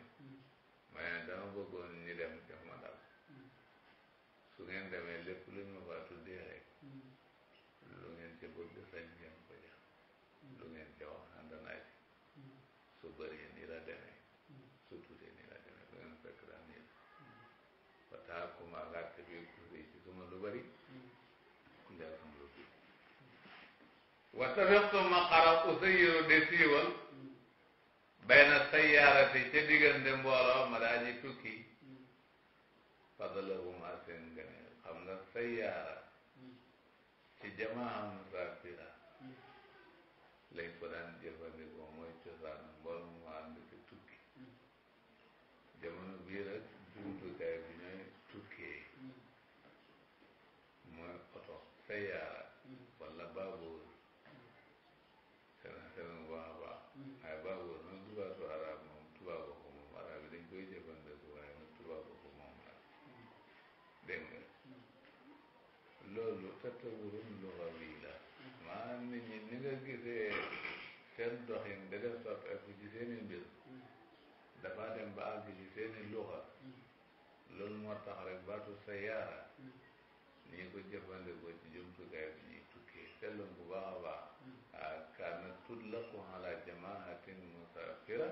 wata fextu ma xarab usayiru de siiwal bayna sayyaarati ca diggante mbooloo ma daa ñi tukki fadalahuma seen gëneel xam na sayyaara ci jamaa musaafira lañ ko daan jëfandikoo mooy cosaan mbooloo mu ànd ci tukki jamono bii rek jumtukaay mooy oto sayyaara tasawurun lugawi la maanaam nit ñi ni nga gisee seen doxin da def soppeeku ci seeni mbir dafa dem ba àgg ci seeni luxa loolu moo tax rek baatu sayaara ñu ngi ko jëfandikoo ci jumtukaay bi ñuy tukkee seetlu bu baax a baax ah kaana tutlaqu ala jamaatin musafira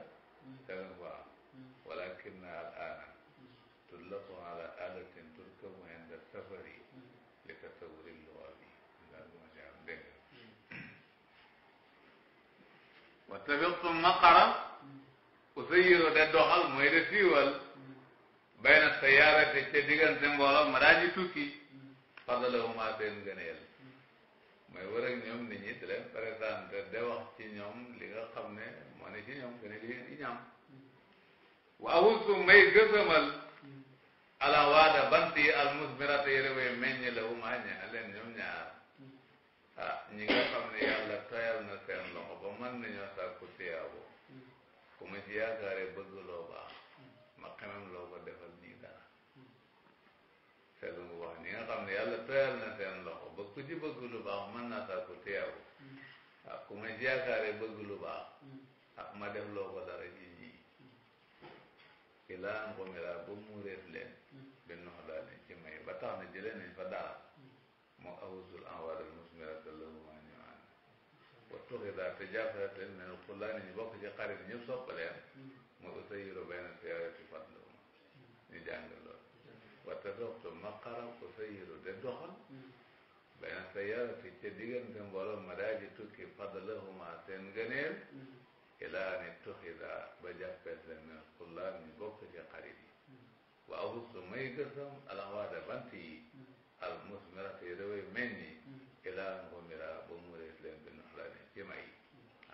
walakinna al tafiqtu maqara usayiru de doxal mooy de siiwal bay na sayaarate ca diggante mbooloo ma daa ji tukki fadalahuma seen ngëneel mooy war ak ñoom nit ñi di leen présenté de wax ci ñoom li nga xam ne moo ne ci ñoom gëne li ngeen i ñam waawusu may gësamal ala waada bant yi almusmirata yëre way meññ lahuma ñaa leen ñoom ñaar ah ñi nga xam ne yàlla tooyal na seen loxo ba mën nañoo sàkku tiyaabo ku ma ci yaakaare bëgg loo baax hmm. ma xemam loo ko defal nii dara seetlu nga wax ñi nga xam ne yàlla tooyal na seen loxo ba ku ci bëgg lu baax mën naa sàkku tiyaabo hmm. ah ku ma ci yaakaare bëgg lu baax hmm. ah ma def loo ko dara ci ñii ilaa an ko ba mu réef leen bi nox daal ci may ba tax na jëlee nañ fa dara moo awusul envoie mirata lahu ma ñu ànd wa tuxida te jàppale te ne xulaa ñu bokk ci xarit ñëpp soppaleen mu mm. usayiru bayna tiyaarati fadlahuma mm. ñu jàng lool wa te doxtu maqara usayiru de doxal mm. bayna tiyaarati ca diggante mbooloo ma daa ji tukki fadlahuma seen gëneel ilaa ni tuxida ba jàppale te ne xulaa ñu bokk ci xarit yi waaw su may gësam alawaada bant yi al musmirati rawee meññi kilaa ngomira ah, ba mu rees leen benn flane ci may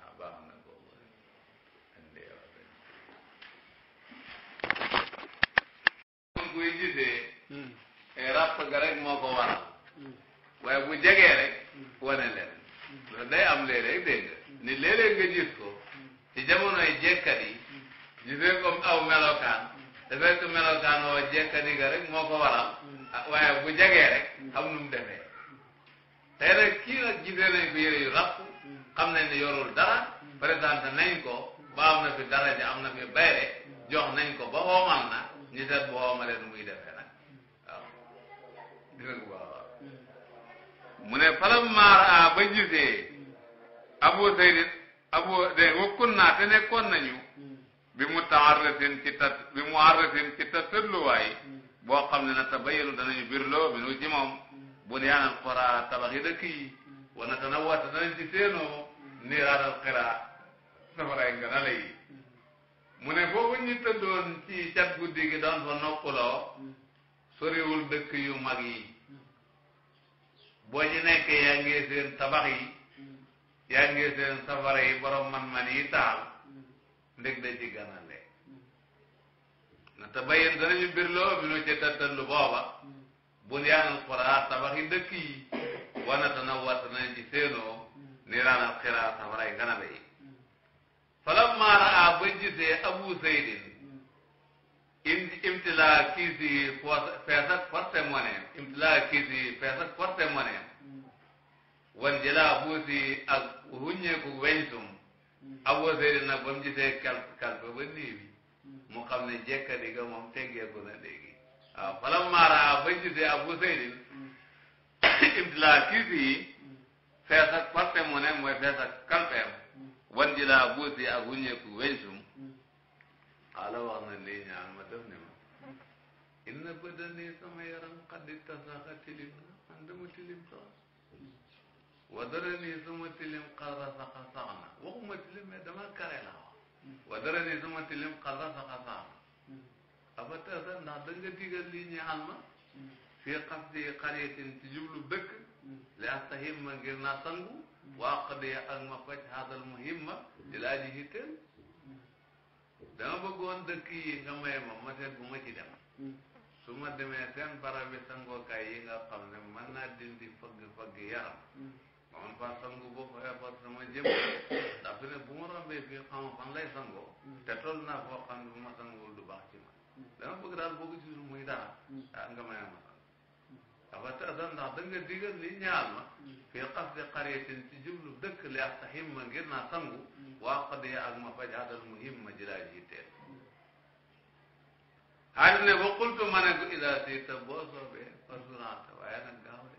ah baax na boobu andi yow buy gisee ràpp ga rek moo ko waral waaye bu jegee rek hmm. wane leen loolu day am léeg-léeg dégg ni léeg-léeg nga gis ko ci jamonoy jekkat yi gisee comme aw melokaan te fekk melokaan woo jekkat yi ga rek moo ko waral waaye bu jegee rek xam nu mu demee tey kii nag gisee nañ ko yére yu ràpp xam nañ ne yorul dara présenté ko ba am na fi dara ja am na fi bayre jox nañ ko ba xoomal na ñu seet bu xoomalee nu muy defee nag mu ne falam maara ba gisee abu abu de wakkun naa te nekkoon nañu bi mu taarratin ci tat bi mu arratin ci tat tëdluwaay boo xam ne na tabayyanu danañu birloo bi nu ci moom bunyaanal qura tabaxi dëkk yi wana dana woote danañ ci seenoo niiraatal xiraa safaray nganale yi mu ne foofu ñu tëddoon ci cat guddi gi doon fa nokkuloo soriwul dëkk yu mag yi boo ci nekkee yaa ngi seen tabax yi yaa ngi seen safara yi borom man-man yi taal ndég da ci ganale na te bayin danañu birloo bi nu ci tëddal lu booba bunyaanul qura tabaxi dëkk yi wanata na wata nañ ci seenoo niiraanal xiraa safaray kaname yi falamma raa ba gisee abu saydin indi imtilaa kiis yi fees ak portemonnaie imtilaa kiis yi fees wan jëlaa buus yi ak huññeeku weñsum abu saydin nag ba mu gisee kal kalpe ba néewi mu xam ne jekkadi ga moom teggeeku na léegi waaw ah, falam a ba gisee Abu Seydin imtilaa kiisi yi fees ak mu ne mooy fees ak kalpeem wan ji laa buusi ak wuññeeku weñsum xaala wax na nii ñaan ma def ni ma inna badani sama yaram xaddi tasaxa tilim na man dama tilim toos wadara nii sama tilim xarra saxa sax na waxuma tilim mais dama kare la wax wadara nii sama tilim xarra saxa sax na afatasa ndax danga digal lii ñeexal ma fii xasdi xariyatin ci jublu dëkk li astahimma ngir naa sangu waa qadiya ak ma faj haadal muhimma di laa ji hitteel dama bëggoon dëkk yi nga may ma ma seet bu ma ci dem su ma demee seen barabi sangookaay yi nga xam ne mën naa dindi fëgg fëgg yaram ma man faa sangu boo fa effort sama jëm ndax fi ne bu ma rombee fii xam fan lay sangoo te toll naa foo xam ne ma sangul du baax ci man dama bëgg daal boo ko gisul muy dara ah nga may ma aba tasan ndax da nga digal li ñaal ma fii qasdi qariyatin ci jublu dëkk li ak sa himma ngir naa sangu waa qadiya ak ma faj adal muhimma jilaa jiiteel xaali ne ba qultu ma ne ko ila siita boo soobee farsunaata waaye nag gaaw de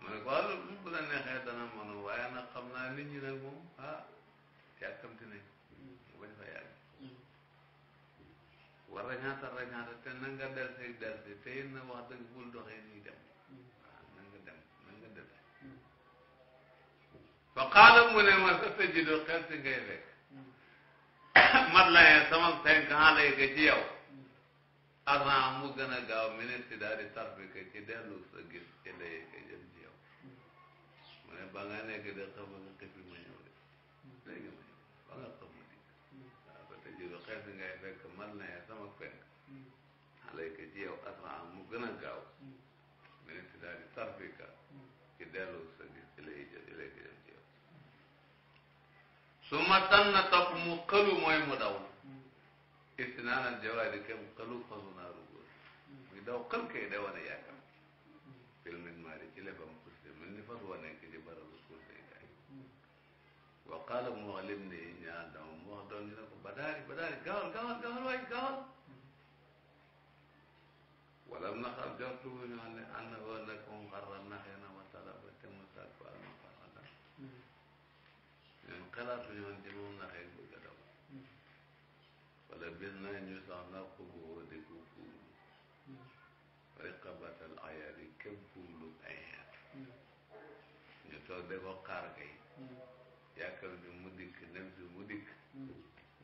ma ne ko wàllu bu la neexee dana mënu waaye nag xam naa nit ñi nag moom ah yàkkamti nañ war rañaata rañaata te na nga del si del si na wax dëgg bul doxee nii dem waaw dem na nga fa qaala mu ne ma sa tajidu xel si ngay fekk mat laye sama cinq ans lay ga ci yow asan mu gën a gaaw ministre daal di sarfi que ci dellu sa gis ci lay ka jëm ci yow mu ne ba nga nekk de ma ñëw de xeet bi ngay fekk mën na ya sama fekk alayka ci yow asraa mu gën a gaaw minit si daal di sarfika ci dellu sa gis ilay ilay jëm ci yow tan na topp mu xëlu mooy mu daw istinaanan jawaadi kem xëlu fasu naaru góor muy daw xël kay day wane yaakaar film nit maa di ci lebam pousse mel ni fas wane waqaala muallim ne ñu àndama mu wax doon ñu ne ko badaari badaari gaawal gaawal gaawal waay gaawal wala mu naxal jortu bu ñu xam ne ànd na woon nag moom xarala naxee na ma talaba te mu sàkku al ma farada ñun xalaatu ñu woon ci moom naxee bëgg a daw wala bis na ñu sax na xuboo di ko kuulu riqabatal ayaari képp kuulu ay xeet ñu toog de ko xaar kay yàkkal bi mu dikk nef bi mu dikk hmm.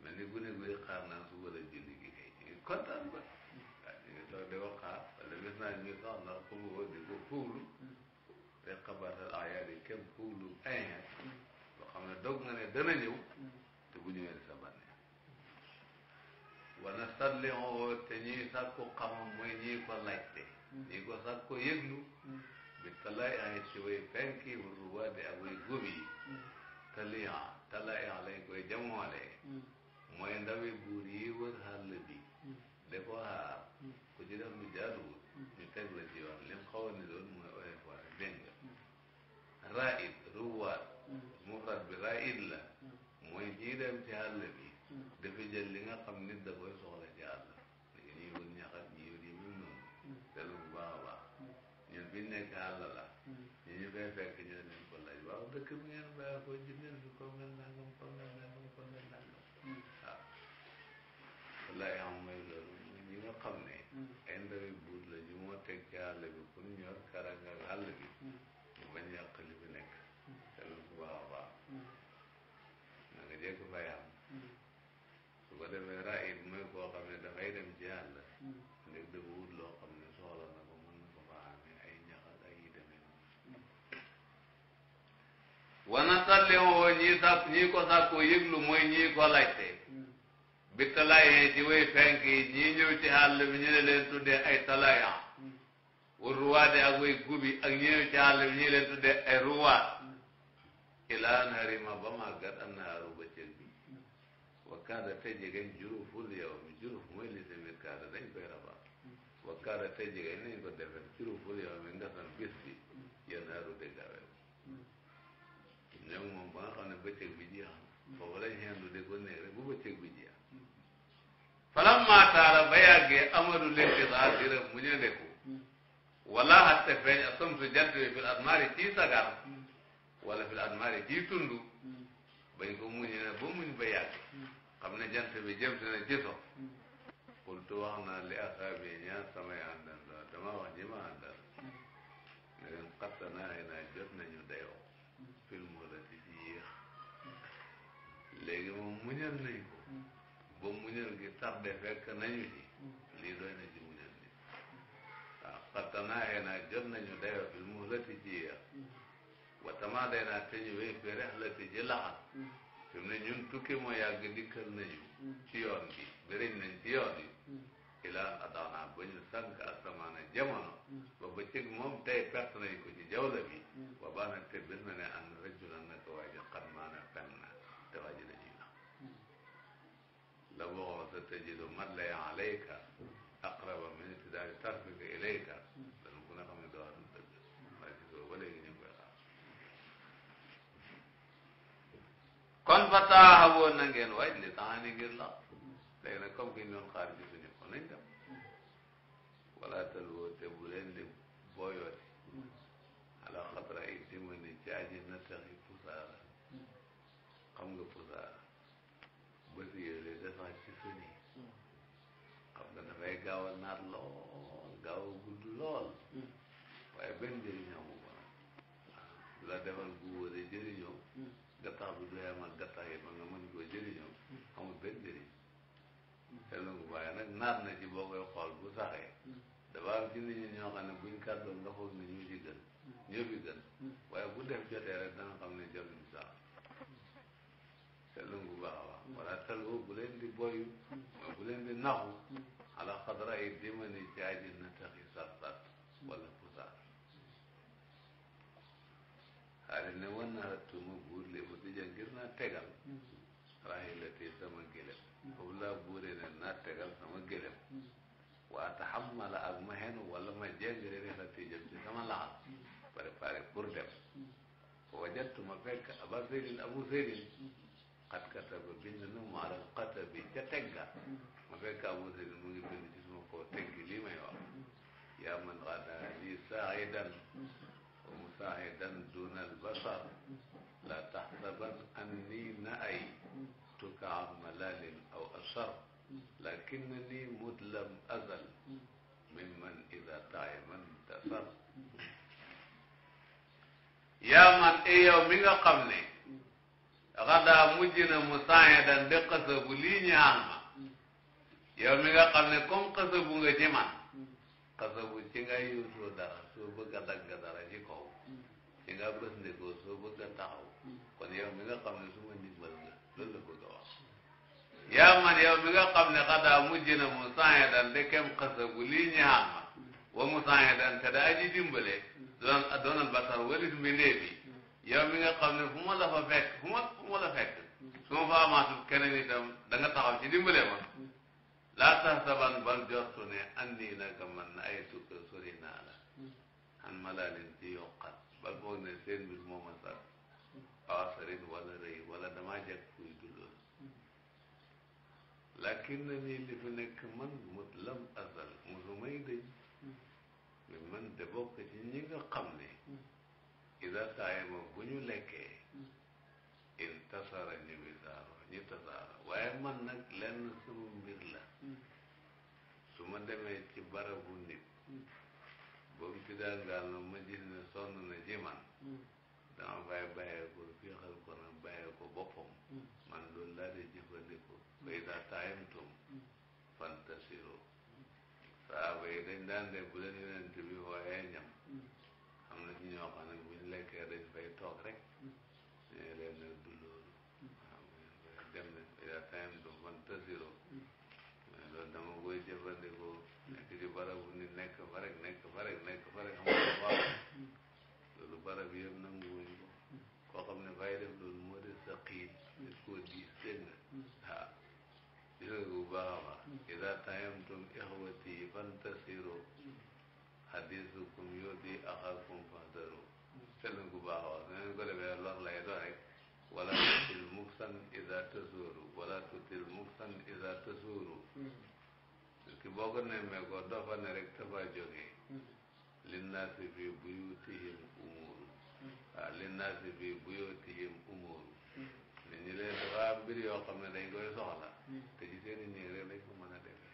mel ni gune guy xaar su wala julli gi kay ñu ngi kontaan ba hmm. toog di ko xaar wala gis naa ñu sax ndax xumu woo ko fóoglu hmm. te xabaatal ayaat kenn fóoglu ayat loo xam ne dog nga ne dana ñëw te bu ñëwee di sa bànneex wana te ñuy sàkku xamam mooy ñii ko laajte ñii ko sàkku yëglu bi talaay ay way fenki wa ruwaade ak taliyan talayan lañ koy jamoole mooy ndawi buur yi wër xàll bi de ko xaar ku ci def lu jaaduwut ñu teg la ci yoon lim xaw a doon mooy oye foore dégg nga raid ruwaat mufrad bi raid la mooy jii dem ci xàll bi dafa jël li nga xam nit da koy soxla ci àll da ñuy ñi wër yi mel noonu te lu bu baax a baax ñun biñ nekk la ñu ñu fekk ñu ne dëkk bi ngeen bàyyi ko jëndee fi ko ngeen nangam ko ngeen nangam ko ngeen nangam hmm. waaw wallaahi am may loolu ñi nga xam ne ay hmm. ndawi buur la ñu moo teg ci àll bi wana salli woo ñii sàkk ñii ko sàkkoo yëglu mooy ñii ko laajte mm. bi talaayee ci way fenk yi ñii ñëw ci àll bi ñu ne leen tuddee ay talaaya mm. wa ruwaade ak way gubi ak ñi ñëw ci àll bi ñu leen tuddee ay ruwaat mm. ilaa narima ba màggat am na aru bëccëg bi wakkaada te jigéen mi juruf mooy li simit kaada dañ koy rafaat wakkaada te jigéen nañ ko defal juruful yow mi ngasal bis bi yéen aru ñoom moom ba nga xam ne bëccëg bi jeex boobu lañ xeen de ko néeg bu bëccëg bi jeex falamma taala ba yàggee amadu léegi saa dira mu ñëndeku wala hatta feeñ a su jant bi fil admaari ci sagar wala fil admaari ci tundu bañ ko muñe ne ba muñ ba yàgg xam ne jant bi jëm si na ci so qultu wax naa li asaabi ñaar samay àndandoo dama wax ñi ma àndal ne leen xatta naa naa jot nañu dayoo filmu la di ci yéex léegi moom muñal nañ ko ba muñal gi tarde fekk nañu ci lii doy na ci muñal ni waaw xattanaaxee naa jot nañu dayo filmu la di ci yéex wa tamaa day te ñu wéy fi rex la ti ci laxat fi mu ne ñun tukki moo yàgg dikkal nañu ci yoon bi bëriñ nañ ci yoon yi ilaa adaana ba ñu sànk asamaana jamono hmm. ba bëccëg moom tey perte nañ ko ci jawla bi wa hmm. baana te bir na ne an rajulan naka waa ji xat maana fen na te waa ji dañuy na hmm. la boxoo sa tajidu mat lay alayka aqraba min tidaari tarfika ilayka dana ku ne xam ne doo atul dëgg waaye si soo ba léegi ñu koy xaar kon fa taaxawoo na ngeen waaj li taxaa ni ngir la léegi nag comme que ñu doon xaar gisuñ nañ dem wala talwoo te bu leen di boyooti ala xatra yi dimani caaji na taxi pusaara xam nga pusaara bët yooyu defan ci fëni xam nga dafay gaaw a naat lool gaaw a lool waaye benn njëriñ amu ko la defal bu wóoree jëriñoo gattax bi du yem ak gattax te loolu waaye nag naat na ci boo koy xool bu saxee mm. dafa am ci nit ñoo xam ne buñ kàddoon nga foog ne ñu ci gën mm. ñoo mm. waaye bu def jotee rek danga xam ne jotuñ sax te lungu baax a baax wala bu leen di boyu mooy bu leen di naxu ala xadra yi dimani ci aji na taxi sat-sat wala pusaar xaali ne wan naa tuuma buur li ma di ja naa tegal raxilati sama foofu laa buuree ne naa tegal sama gëlëm waa te xam ma la ak ma xenu wala ma jengre rexlati jëm ci sama laxas préparé pour dem fa wajattu ma fekk aba sérin abu sérin xat kataba bind na mu alal xata bi ca tegga ma fekk abu sérin mu ngi bind ci suma kaw teggi lii may wax yaa man xada li saaxidan wa musaaxidan dunal basar la taxsaban anni na ay tukaam malalin sar lakinnani mudlam azal mimman ida taiman tasar yaa man e yow mi nga xam ne xadaa mu sànge dan de xasabu lii ñaan ma yow mi nga xam ne nga ci man xasabu ci nga yuutoo dara soo bëgg a dagg dara ci ci nga bës ndikoo soo bëgg a taxaw kon yow mi nga su ma ndimbal nga loolu la bëgg a yaa man yow mi nga xam ne xadaa mujj na mu sànni daan de kem xasagu lii ñaar ma wa mu te daa ji dimbale doon doonal basar walis mbindeef yi yow mi nga xam ne fu ma la fa fekk fu ma fekk su fa amaatut keneen itam da nga ci dimbale ma laa tax bal jortu ne andi naka man na ay tukka sori naa la an ma laa leen ci yokkat ba foog ne seen mbir moo ma sar awasarin wala rëy wala damaa jëkk lakin na nii li fi nekk man mut lam asal musumay dëñ mi man de bokk ci ñi nga xam ne ida saayama bu ñu lekkee in ñu wisaaro ñu tasaaro waaye man nag lenn sama mbir la su ma demee ci barabu nit ba mu fi daal gaal na ma gis ne sonn na ci man dama bàyyi bàyyee fiixal ko nag bàyyee ko boppam man loolu laa di jëf fa idaa taayamtum fantasiru saaba yi dañ daan de bu leen yonent bi wooyee ñam am na ci ñoo xam ne bu ñu lekkee dañ fay toog rek ñu leen ne du loolu waaw dem ne fa idaa taayamtum fantasiru mais loolu dama koy jëfandikoo nekk ci barabu gu baax a ida tayamtum ixwati fantasiru hadisukum yudi axakum fahdaru fenn gu baax a su ngeen ko defee lor lay doon rek wala tutil muxsan ida tasuru wala tutil muxsan ida tasuru ki boo ko nemmee ko dofa ne rek tafa jógee linnaasi fi buyutihim umuru waaw linnaasi fi buyutihim umuru nit ñi leen dafa am mbir yoo xam ne dañ koy soxla te ci seen i néeg rek lañ ko mën a defee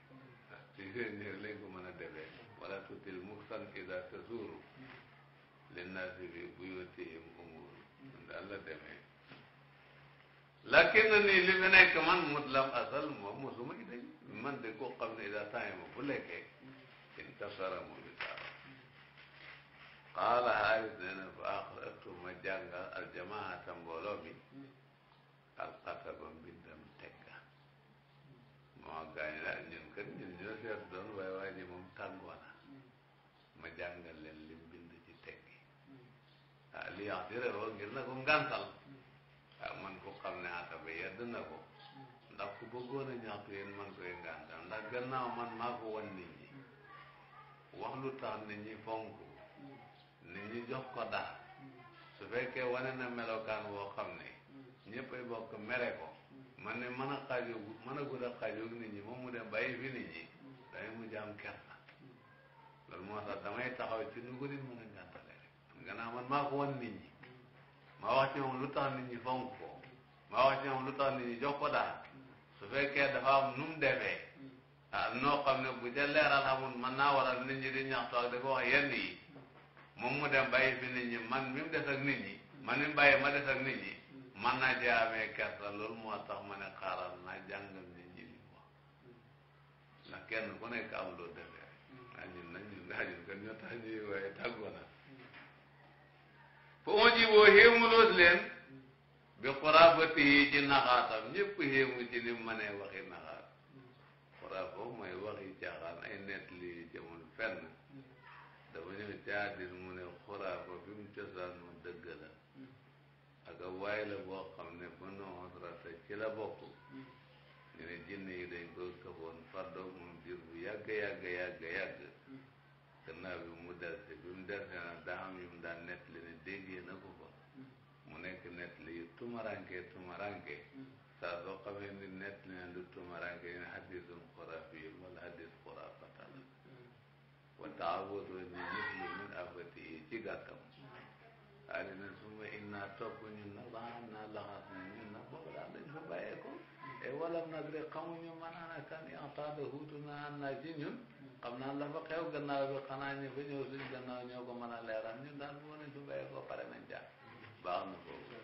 te ci seen i néeg lañ ko mën a defee wala tutil muxsan ida tazuru linnaasi bi buyutihim umur man daal la demee lakin na nii li fi nekk man mutlam asal moom mosuma ci dañ man de koo xam ne ida temps ma bu lekkee intasara moom itaaru qaala haaris nee na fa aqratu ma jàngal aljamaata mbooloo mi alxataba mbind gaa ñi daal ñun kat ñun ñoo fi doon waaye waa ji moom tàggoo ma jàngal leen lim bind ci teggi ah li yax di reeroo ngir na ko ngàntal man ko xam ne ata ba yedd na ko ndax ku bëggoon a ñaxtu yéen man koy ngàntal ndax gannaaw man maa ko wan nit ñi wax lu tax nit ñi fonk nit ñi jox ko daal su fekkee wane na melokaan woo xam ne ñëppay bokk mere ko man ne mën a xaajoo mën a gudd a xaajoo nit ñi moom mu dem bàyyi fi nit ñi mu mujj am kersa loolu moo tax damay taxaw ci nu ko nit mën a gàntale rek gannaaw man maa ko wan nit ñi maa wax ci moom lu tax nit ñi fonk ko maa wax ci moom lu tax nit ñi jox ko daal su fekkee dafa am nu mu defee noo xam ne bu ca a xamul mën naa waral nit ñi di ñaxtu ak di ko wax yenn yi moom mu dem bàyyi fi nit ñi man mi mu des ak ñi man mi mu bàyyi ma des ak ñi man naa cee amee kerta lool moo tax ma ne xaaral naa jàngal nit ñi li ma ndax kenn ku nekk am loo defee naa ñun nañ ñun daa ñun kan ñoo tax ñuy waaye tàggoo na fa on ji boo xéemuloos leen bi xuraafati yi ci naxaatam ñëpp xéemu ci ni ma ne waxi naxaat xuraafa mooy waxi caaxaan ay nett lii jëmul fenn dafa ñëw ci hadiis mu ne xuraafa fi mu cosaan mu dëgg aga waay la boo xam ne ba noo xasrata ci la bokk hmm. ñu ne jinne yi dañ ko këfoon fardoog moom diir bu yàgg yàgg yàgg yàgg hmm. gannaaw bi mu delse bi mu delse na daam yu mu daan nett li ne déggee na ko fa hmm. mu nekk nett li yu tumaranke tumaranke saa soo xamee ni nett li ne lu tumaranke ñu ne hadisum xuraafi yi wala hadis xuraafata la wa taawutoo ni nit lu min afati ci gàttam waaye nag suma innaa topp ñun nag ba xam naa laxas na ñun nag boobu daal dañ fa bàyyeeko e walam nag rek xamuñu man ana na an naa ci ñun xam naa xew gannaaw bi xanaa ñu fa ñëw ñoo ko mën a leeral ñun daal boo nañ fa bàyyeekoo pare nañ jaar baax na foofu